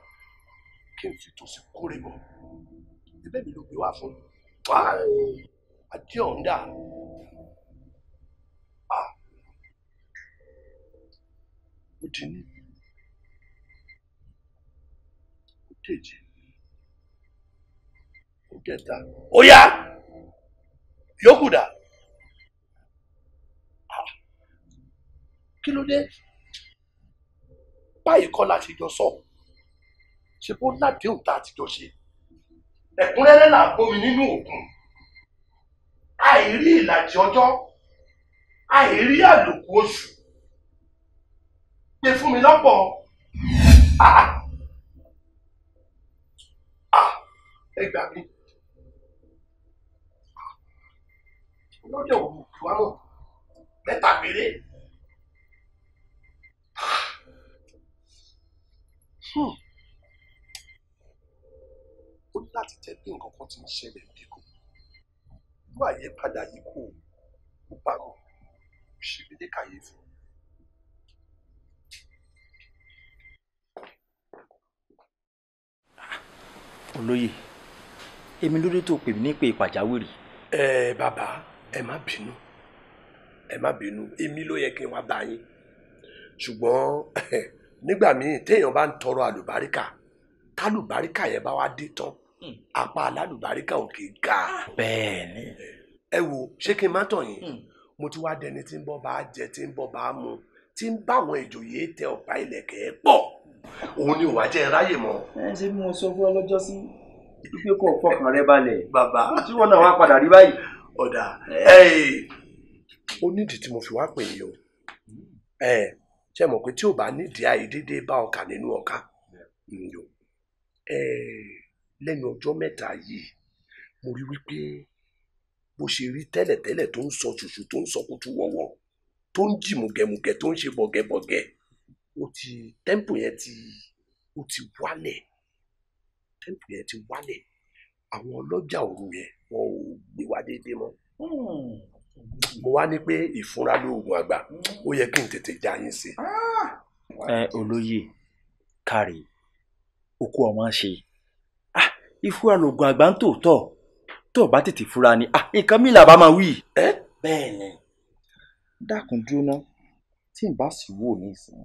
kí n fi tòsí kórè bọ̀ ẹ̀bẹ̀ mi ló gbé wá fún adé ọ̀ndà ó ti ní ó kejì ó kẹta ó yá yókù dà kí ló dé báyìí kọ́ la ṣe jọ sọ̀rọ̀ ṣé bó ládéhùn tá a ti jọ ṣe ẹ̀kúnrẹ́rẹ́ là ń gbómi nínú òkun àìrí ìlàjì ọjọ́ àìrí àlòkù oṣù gbé fún mi lọ́pọ̀ ah, ah. Ah, ẹ gbà mí lọ́dọ̀ òkú àmọ́ mẹ́ta péré. Hmm láti jẹ́ pé nǹkan kan ti ń ṣẹlẹ̀ níkò irú àyípadà yìí kò ó bá rò ṣèlédè kàyéfì. olóyè èmi ló dé tó pè mí nípe ìpàjáwìrì. ẹ bàbá ẹ má bínú ẹ má bínú èmi ló yẹ kí n wá bá yín ṣùgbọ́n nígbà míì téèyàn bá ń tọrọ àlùbáríkà tálùbáríkà yẹn bá wá dé tán Hmm. apá alálùbáríkà ò kì í ga. Ah. bẹ́ẹ̀ni. ẹ wo ṣé kí n má tàn yín hmm. mo ti wá dẹni tí ń bọ́ bá jẹ tí ń bọ́ bá mu tí ń bá àwọn ìjòyè tẹ ọ̀pá ìlẹ̀kẹ̀ pọ̀ òun ni òwà jẹ́ ráyè mọ́. ẹ ṣe bí mo sọ fún ọ lọ́jọ́ sí pé kò fọkàn rẹ balẹ̀ bàbá tí wọ́n náà wá padà rí báyìí. ọ̀dà ó nídìí tí mo fi wá pè yín o hmm. ṣe mọ̀ pé tí ò bá nídìí àìdédé bá ọkà nínú ọkà ẹ lẹ́nu ọjọ́ mẹ́ta yìí mo rí wípé bó ṣe rí tẹ́lẹ̀tẹ́lẹ̀ tó ń sọ ṣùṣù tó ń sọ kútu wọ́wọ́ tó ń jì mùgẹ̀mùgẹ̀ tó ń ṣe bọ̀gẹ̀bọ̀gẹ̀ ó ti tẹ́ǹpù yẹn ti ó ti wálẹ̀ tẹ́ǹpù yẹn ti wálẹ̀ àwọn ọlọ́jà òru yẹn wọn ò gbé wá déédéé mọ́ mo wá ní pé ìfúnra lóògùn àgbà ó yẹ kí n tètè já yín sí. Ah! ẹ olóyè kárí okú ọmọ ṣe ìfura lògùn àgbà ń tòótọ́ tó o bá tètè fura ni ah, nǹkan mi làbá máa wí. bẹ́ẹ̀ ni dákun dúró tí n bá sì wò ní ìsìn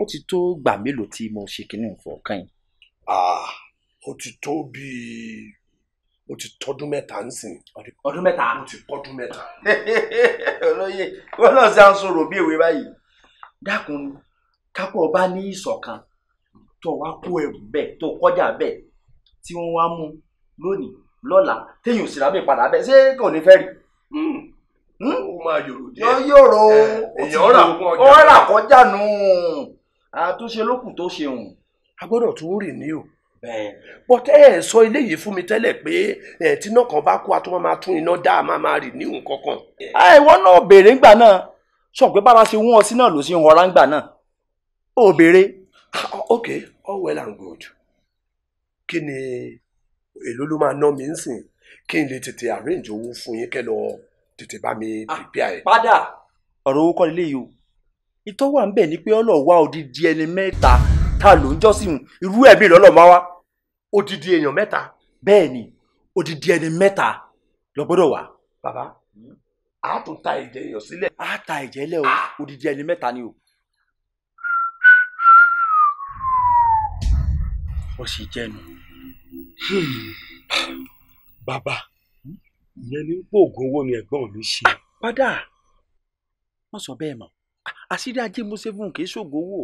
ó ti tó gbà mélòó tí mo ṣe kínní ìfọ̀ọ́kàn yìí. Ah, ó ti tó bíi ó ti tọdún mẹ́ta ń sìn. ọdún mẹ́ta. ó ti pọ́dún mẹ́ta. olóye wọn náà ṣe à ń sọ̀rọ̀ bí èwe báyìí. dákun kápọ̀ ọba ní ìṣọ̀kan tó wá kó ẹrù bẹ́ẹ̀ tó kọjá bẹ́ẹ̀ tí wọ́n wá mú lónìí lọ́la téèyàn sì rábì padà bẹ́ẹ̀ ṣé kò ní fẹ́ rí. Hmm. Hmm? ó máa yòrò díẹ̀ yóò yòrò ó rà kọjá nù àtúnṣe lókù tó ṣeun. a gbọ́dọ̀ tún rìn ní o but ẹ ẹ sọ eléyìí fún mi tẹ́lẹ̀ pé ẹ tí iná kan bá kú a tó máa tún iná dá a máa máa rì ní nǹkan kan. àìwọ náà béèrè ńgbà náà sọ pé bára ṣe wọ́n ọ sí náà ló ṣe ń họra ńgbà náà ó béèrè. Ah, ok all well and good kí ni èlò ló máa ná mi ń sìn kí n lè tètè arrange owó fún yín lọ tètè bá mi ah, prepare padà ọ̀rọ̀ owó kọ́ yìí o ìtọ́ ń bẹ̀ ni pé odidi ẹni mẹ́ta ta a ló ń jọ́sìn irú ẹ̀mí lọ́lọ́ máa wá odidi èèyàn mẹ́ta odidi ẹni mẹ́ta lọ gbọ́dọ̀ wá. bàbá a tún ta ẹ̀jẹ̀ a ta ẹ̀jẹ̀ lẹ o ah! odidi ẹni mẹ́ta ni o. bàbá ìyẹn ní oògùn owó ni ẹ̀gbọ́n mi ṣe. padà má sọ bẹ́ẹ̀ mọ́ àṣírí ajé mọ́sẹ́fún kì í ṣoògùn owó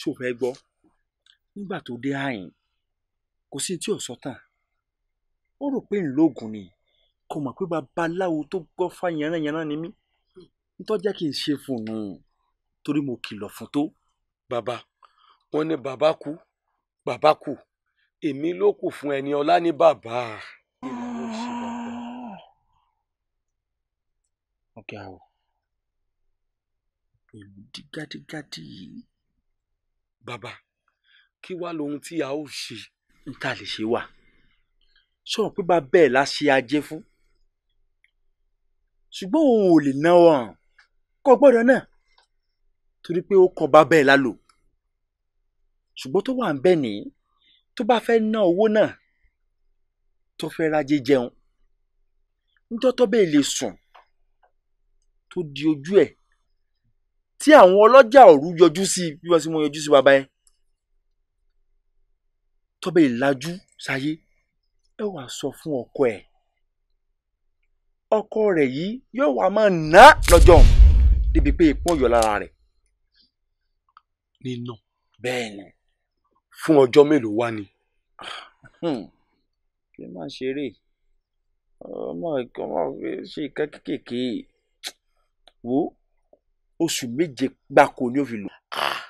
ṣó fẹ́ gbọ́ nígbà tó dé àyìn kò sí tí ò sọ tán ó rò pé ńlóògùn ni kò mọ̀ pé babaláwo tó gbọ́ fá yanranyanran ni mí ntọ́jà kì í ṣe fún un torí mo kìlọ̀ fún tó. bàbá wọn ní bàbá kú bàbá kú èmi ló kù fún ẹni ọlá ní bàbá. ọ̀gá o pẹ̀lú dígádígádí yìí. bàbá kí wàá lohun tí a ó ṣe. n ta lè ṣe wà sọ̀rọ̀ pé bá bẹ́ẹ̀ la ṣe ajé fún ṣùgbọ́n òun ò lè ná wọn kò gbọ́dọ̀ náà torí pé ó kọ bá bẹ́ẹ̀ lálò ṣùgbọ́n tó wà ń bẹ nìyí tó bá fẹ́ ná owó náà tó fẹ́ rájé jẹun níjọ́ bẹ́ẹ̀ lè sùn tó di ojú ẹ̀ tí àwọn ọlọ́jà òru yọjú sí bí wọ́n sì mọ yọjú sí bàbá ẹ̀ tó bẹ́ẹ̀ lajú sáyé ẹ wàá sọ fún ọkọ ẹ̀ ọkọ rẹ̀ yìí yóò wá máa ná lọ́jọ́ òun pé ìpọ́n yọ lára rẹ̀ nínú bẹ́ẹ̀ ni fún ọjọ́ mélòó wá ni. Hmm. kí n ṣeré ọmọ ọmọ ṣe ìka kékèké wo oṣù méje gbáko ni ó fi lò ah!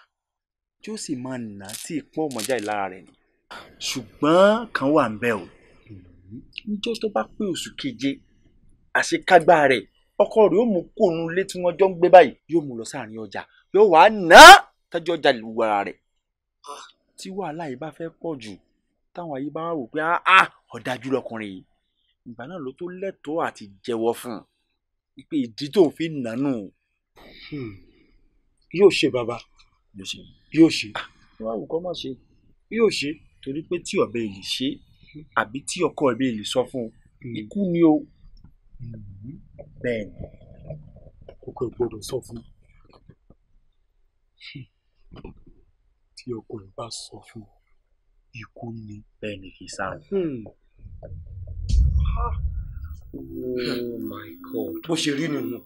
tí ó sì máa nà tí ìpọ́n ọmọjà ìlara rẹ̀ ni. ṣùgbọ́n kan wà ń bẹ̀ o níjọ́ tó bá pé oṣù keje àṣekágbá rẹ̀ ọkọ rẹ̀ yóò mú kóònù létí wọn jọ ń gbé báyìí yóò mú lọ sáàrin ọjà yóò wá ná tẹ́jọ́ ọjà lùwàrà rẹ̀ tí wàhálà yìí bá fẹ́ pọ̀ jù táwọn ayé bá wà wò pé a ah, ọ̀dájú ah, lọkùnrin yìí ìgbà náà ló tó lẹ́tọ̀ọ́ àti jẹ́wọ́ fún un pé ìdí tó fi nànú. Hmm. yóò ṣe bàbá yóò ṣe. wọ́n á wù kọ́ máa ṣe. yóò ṣe torí pé tí ọ̀bẹ yìí ṣe hmm. àbí tí ọkọ ẹ̀bí yìí sọ fún un hmm. ikú ni o. bẹ́ẹ̀ ni kókó gbọ́dọ̀ sọ fún un tí ọkùnrin bá sọ fún ikú ni. bẹ́ẹ̀ kì í sáà ní. Hmm. oh my god. bó ṣe rí nínú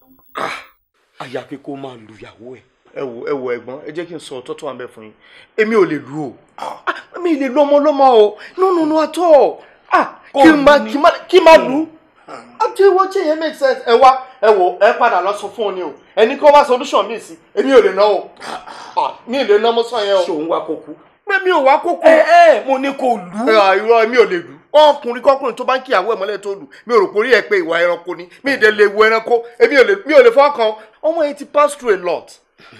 àyàfi ah! kó máa lùyàwó ẹ̀ ẹ wò ẹ wò ẹ̀gbọ́n ẹ jẹ́ kí n sọ ọ̀tọ̀ tó wà bẹ fún yín èmi ò lè lu o ah! mi lè lu ọmọ ọlọ́mọ o no no no at all ah! kí n má kí actually wọ́n ṣe yẹn make sense ẹ wá ẹ wò ẹ padà lọ sọ fún un ni o ẹni kí wọ́n wá solution mi sí èmi ò lè ná o ah, mi ò lè ná mo sọ yẹn o. ṣòun wa kókó. pé mi ò wá kókó. ẹ eh, ẹ eh, mo ní kò lù. Ah, irọ́ mi ò lè lù ọkùnrin kọkùnrin tó bá ń kíyàwó ẹ̀ mọ́lẹ̀ tó lù mi ò rò pé orí ẹ̀ pé ìwà ẹranko ni mi ì dẹ̀ lè wo ẹranko èmi ò lè mi ò lè fọkàn ọmọ yẹn ti pass through a lot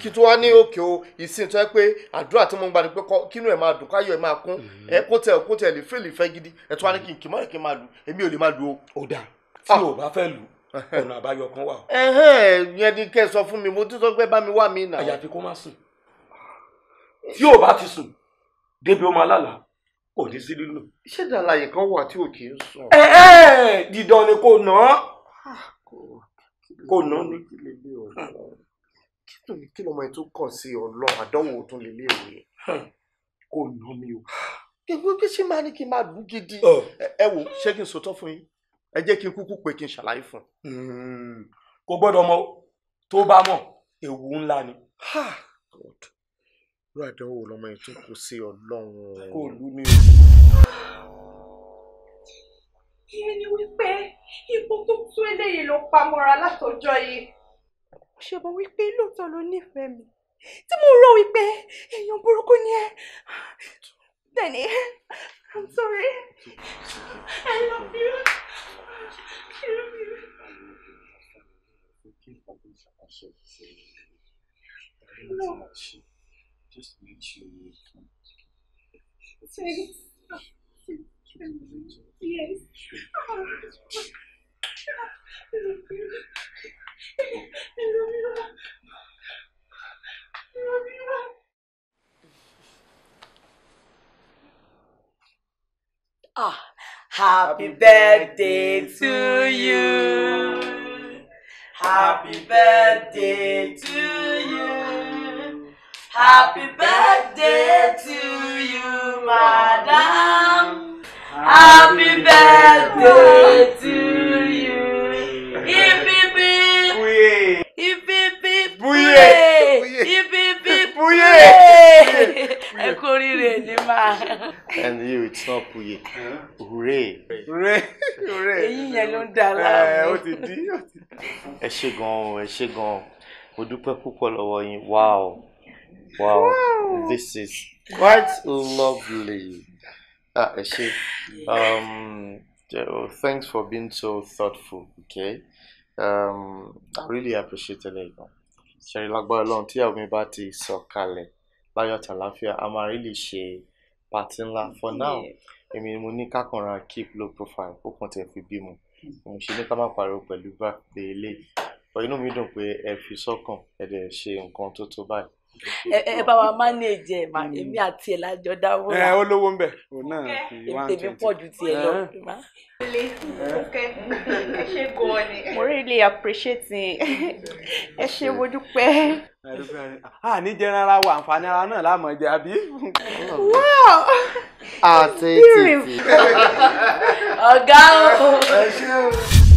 kí tó wá ní òkè o ìsìn tó yẹ pé àdúrà tí mo ń gbà ní pé kínú ẹ máa dùn káyọ̀ ẹ máa kún mm-hmm. ẹ kó tẹ kó tẹ lè fèlè fẹ́ gidi ẹ tó wá ní kí n kì mọ́ ẹ kí n máa lù èmi ò lè máa lù o. ó dáa Ah. tí o bá fẹ́ lù ọ̀nà àbáyọ kan wà. yẹn ni kẹ́ ẹ sọ fún mi mo ti sọ pé bá mi wá mi nà. àyàfi kó má sùn tí o bá ti sùn débi ó máa lálàá kò ní sí lílù. ṣé dàlàyé kan wà tí o kì í sùn. ẹ ẹ dídán ni kò ná ah, kò ná ni. kí lọmọ yẹn tó kàn sí ọlọ́run àdánwò tó lè léèwé kò ná mi o. gbogbo bí ṣe máa ní kí n máa dùn gidi ẹ wò ṣé kí n sòtọ́ fún yín ẹ jẹ́ kí n kúkú pé kí n ṣàlàyé fún un. Hmm. kò gbọ́dọ̀ mọ tó bá mọ̀ ewu ńlá ni. irú àdánwò lọmọ yẹn tún kú sí ọlọ́run. kò lù ní. ìyẹn ni wípé ipò tó tún eléyìí ló pa mọ́ra látọjọ́ yìí. mo ṣe mọ̀ wípé lóòótọ́ ló nífẹ̀ẹ́ mi tí mo rò wípé èèyàn burúkú ni ẹ. bẹ́ẹ̀ ni I'm sorry. I love you. I love you. No. Just make sure you come. Yes. Ah. I love you. I love you. I love you. Oh, happy, happy birthday, birthday to you. Happy birthday to you. Happy birthday to you, madam. Happy birthday to you. Ipipi. Ipipi. Ipipi. Ipipi. Ipipi. ẹ kú oríire ní máa. and you it's not puye hooray. hooray hooray. èyí yẹn ló ń dà láàmú. ó ti di ó ti di. ẹ ṣé gan-an ẹ ṣé gan-an mo dúpẹ́ púpọ̀ lọ́wọ́ yín wow wow this is quite lovely. Ah, ẹ ṣé. Um, oh, thanks for being so thoughtful. Okay. Um, I really appreciate it. Ṣẹ̀rí lágbára Ọlọ́run tí àwọn mi bá ti sọ kalẹ̀ láyọ̀ àti àlàáfíà a máa rí lè ṣe pàtí ńlá for now èmi mo ní kákànra keep low profile ó kàn tẹ̀ fi bímọ mo ṣe ní ká má pariwo pẹ̀lú birthday ilé but inú mi dùn pé ẹ fi sọ́kàn ẹ dẹ̀ ṣe nǹkan tó tó báyìí ẹ bá wa manage ẹ ma hmm. èmi àti ẹ lájọ dáwọ la ẹ olówó ń bẹ òun náà fi one twenty èmi pọ̀ ju tiẹ̀ lọ. mo really appreciate ẹ ṣe mo dúpẹ́. a ní jẹnara wa àǹfààní ara náà láàmú ẹjẹ àbí. wow àti títì. ọ̀gá o. ẹ ṣé o.